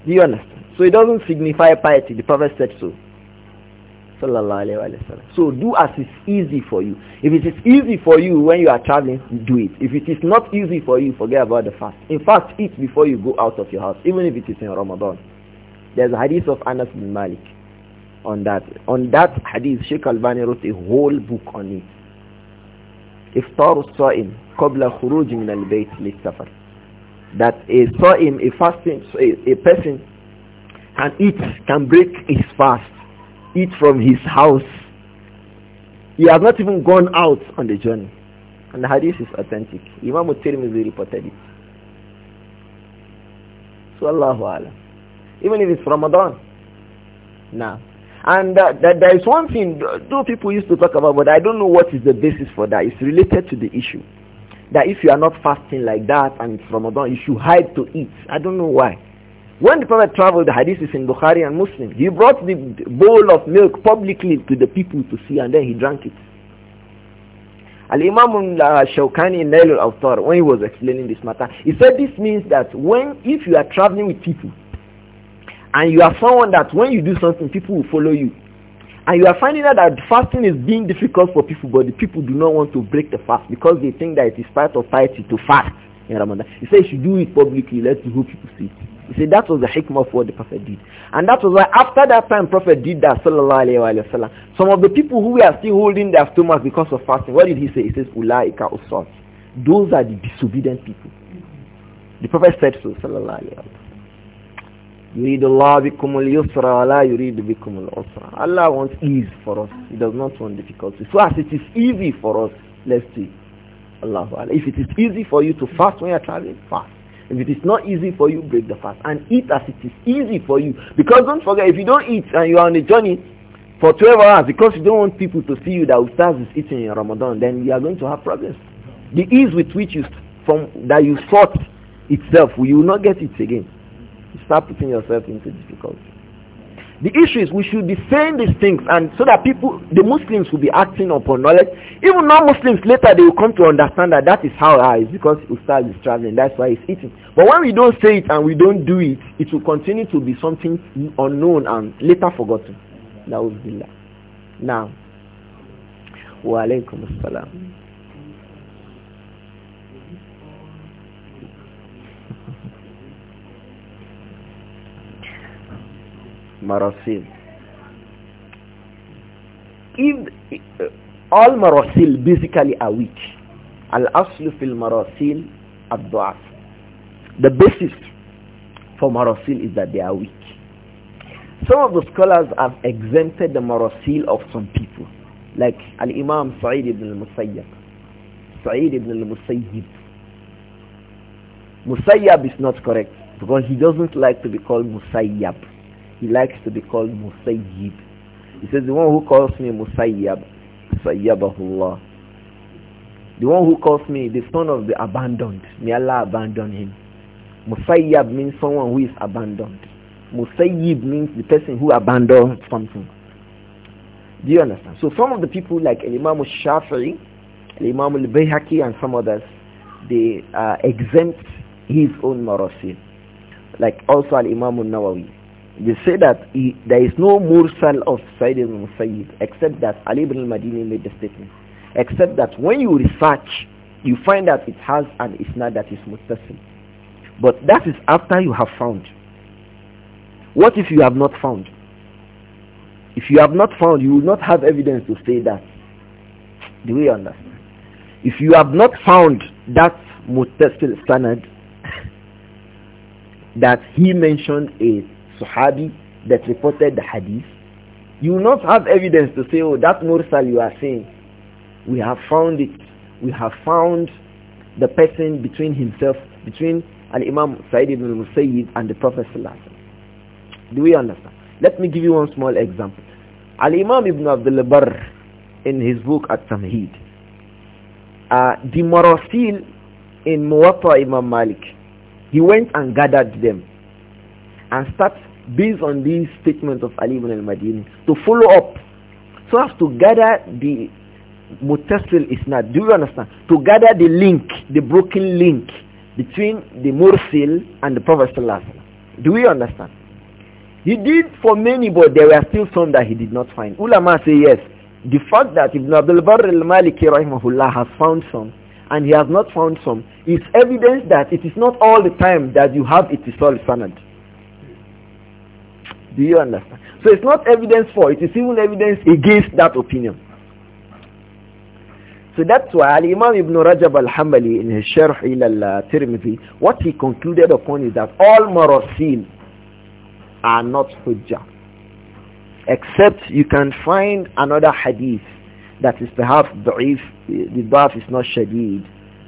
Do you understand? So it doesn't signify piety. The Prophet said so. So do as is easy for you. If it is easy for you when you are traveling, do it. If it is not easy for you, forget about the fast. In fact, eat before you go out of your house, even if it is in Ramadan. There's a hadith of Anas bin Malik on that. On that hadith, Sheikh Albani wrote a whole book on it. إفطار الصائم min al من li للسفر that a him a fasting, a, a person can eat, can break his fast, eat from his house. He has not even gone out on the journey. And the hadith is authentic. Imam al-Tirmidhi reported it. So Allah Even if it's Ramadan. Now. And uh, there is one thing, though people used to talk about, but I don't know what is the basis for that. It's related to the issue that if you are not fasting like that and it's Ramadan, you should hide to eat. I don't know why. When the Prophet traveled, the hadith is in Bukhari and Muslim. He brought the bowl of milk publicly to the people to see and then he drank it. Al-Imam al-Shawkani in al when he was explaining this matter, he said this means that when, if you are traveling with people and you are someone that when you do something, people will follow you, and you are finding out that fasting is being difficult for people, but the people do not want to break the fast because they think that it is part of piety to fast in Ramadan. He said you should do it publicly, let the whole people see it. He said that was the hikmah of what the Prophet did. And that was why after that time Prophet did that, sallallahu alayhi wa sallam, some of the people who were still holding their stomachs because of fasting, what did he say? He says, Ulaika usat. Those are the disobedient people. The Prophet said so, sallallahu alayhi wa sallam. يريد الله بكم اليسر ولا يريد بكم العسر Allah wants ease for us he does not want difficulty so as it is easy for us let's see Allah if it is easy for you to fast when you are traveling fast if it is not easy for you break the fast and eat as it is easy for you because don't forget if you don't eat and you are on a journey for 12 hours because you don't want people to see you that Ustaz is eating in Ramadan then you are going to have problems the ease with which you from that you sought itself you will not get it again start putting yourself into difficulty. The issue is we should be saying these things and so that people, the Muslims will be acting upon knowledge. Even non-Muslims later they will come to understand that that is how it is because Ustaz is traveling. That's why he's eating. But when we don't say it and we don't do it, it will continue to be something unknown and later forgotten. That was Billah. Now, wa alaikum assalam. marasil. If, uh, all marasil basically are weak. Al-aslu fil marasil ad-du'af. The basis for marasil is that they are weak. Some of the scholars have exempted the marasil of some people, like Al-Imam Sa'id ibn al-Musayyab. Sa'id ibn al-Musayyib. Musayyab is not correct because he doesn't like to be called Musayyab he likes to be called Musayyib. He says, the one who calls me Musayyab, Sayyabahullah. The one who calls me the son of the abandoned, may Allah abandon him. Musayyab means someone who is abandoned. Musayyib means the person who abandoned something. Do you understand? So some of the people like Imam shafii Imam al-Bayhaqi and some others, they uh, exempt his own marasil. Like also Imam al-Nawawi they say that he, there is no mursal of Sayyid ibn Musayyib except that Ali ibn al-Madini made the statement. Except that when you research, you find that it has an isnad that is muttasil. But that is after you have found. What if you have not found? If you have not found, you will not have evidence to say that. Do we understand? If you have not found that muttasil standard that he mentioned is. Sahabi that reported the hadith, you will not have evidence to say, oh, that Mursal you are saying, we have found it. We have found the person between himself, between an Imam Sayyid ibn Musayyid and the Prophet Sallallahu Do we understand? Let me give you one small example. Al-Imam ibn Abdul Barr in his book At-Tamheed, uh, the Marasil in Muwatta Imam Malik, he went and gathered them and started based on these statements of Ali ibn al-Madini to follow up so as to gather the mutasil isnad do you understand to gather the link the broken link between the mursil and the prophet sallallahu do we understand he did for many but there were still some that he did not find ulama say yes the fact that ibn abdul barr al-maliki rahimahullah has found some and he has not found some is evidence that it is not all the time that you have it is all sanad do you understand? So it's not evidence for, it is even evidence against that opinion. So that's why Imam Ibn Rajab al-Hambali in his Sharh ila al-Tirmidhi, what he concluded upon is that all marasil are not hujjah. Except you can find another hadith that is perhaps da'if, the da'if is not shadid,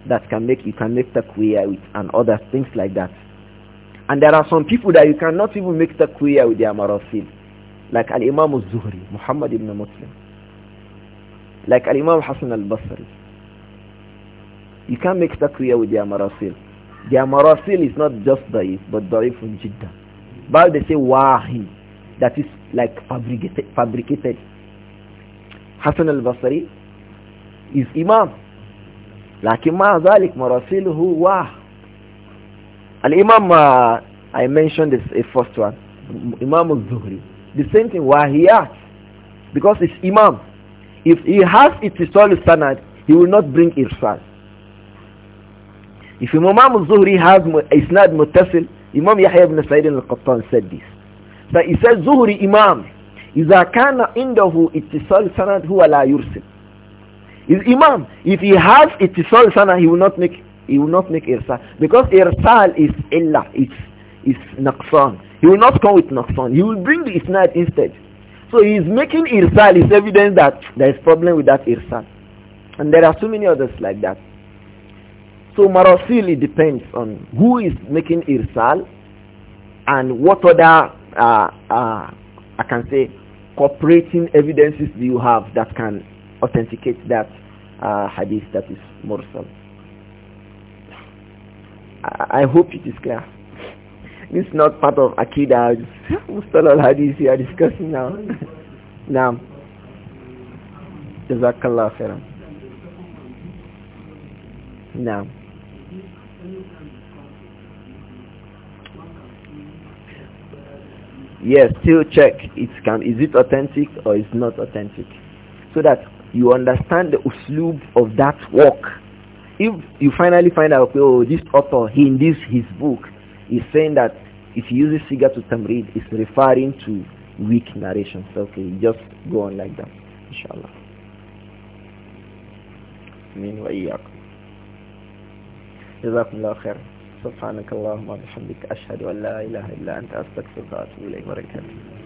that can make, you can make taqwiyah with and other things like that. And there are some people that you cannot even make taqwiyah with their marasil. Like Al-Imam al-Zuhri, Muhammad ibn Muslim. Like Al-Imam Hassan al-Basri. You can't make taqwiyah with their marasil. Their marasil is not just da'if, but from jiddah. But they say wahi, that is like fabricated. fabricated. Hassan al-Basri is Imam. لكن مع ذلك مراسله واه and imam uh, I mentioned this a first one, Imam al-Zuhri. The same thing, why he asked because it's Imam. If he has Ittisal al-Sanad, he will not bring Irsal. If Imam al-Zuhri has Isnad Muttasil, Imam Yahya ibn Sa'id al-Qattan said this. So he says, Zuhri Imam, إذا كان عنده اتصال سند هو لا يرسل. Is Imam, if he has اتصال سند, he will not make he will not make irsal. Because irsal is ella, it's, it's naqsan. He will not come with naqsan. He will bring the isnad instead. So he is making irsal is evidence that there is problem with that irsal. And there are so many others like that. So marasil, it depends on who is making irsal and what other, uh, uh, I can say, cooperating evidences do you have that can authenticate that uh, hadith that is mursal. I, hope it is clear. This is not part of Akida. Mustalal Hadith we are discussing now. now. Jazakallah khairan. Now. Yes, still check it can is it authentic or is not authentic. So that you understand the uslub of that work if you finally find out, oh, this author, he in this his book, is saying that if he uses siga to tamrid, it's referring to weak narration. So, Okay, just go on like that, inshallah. من وإياكم جزاكم الله خير سبحانك اللهم وبحمدك أشهد أن لا إله إلا أنت أستغفرك وأتوب إليك وبركاته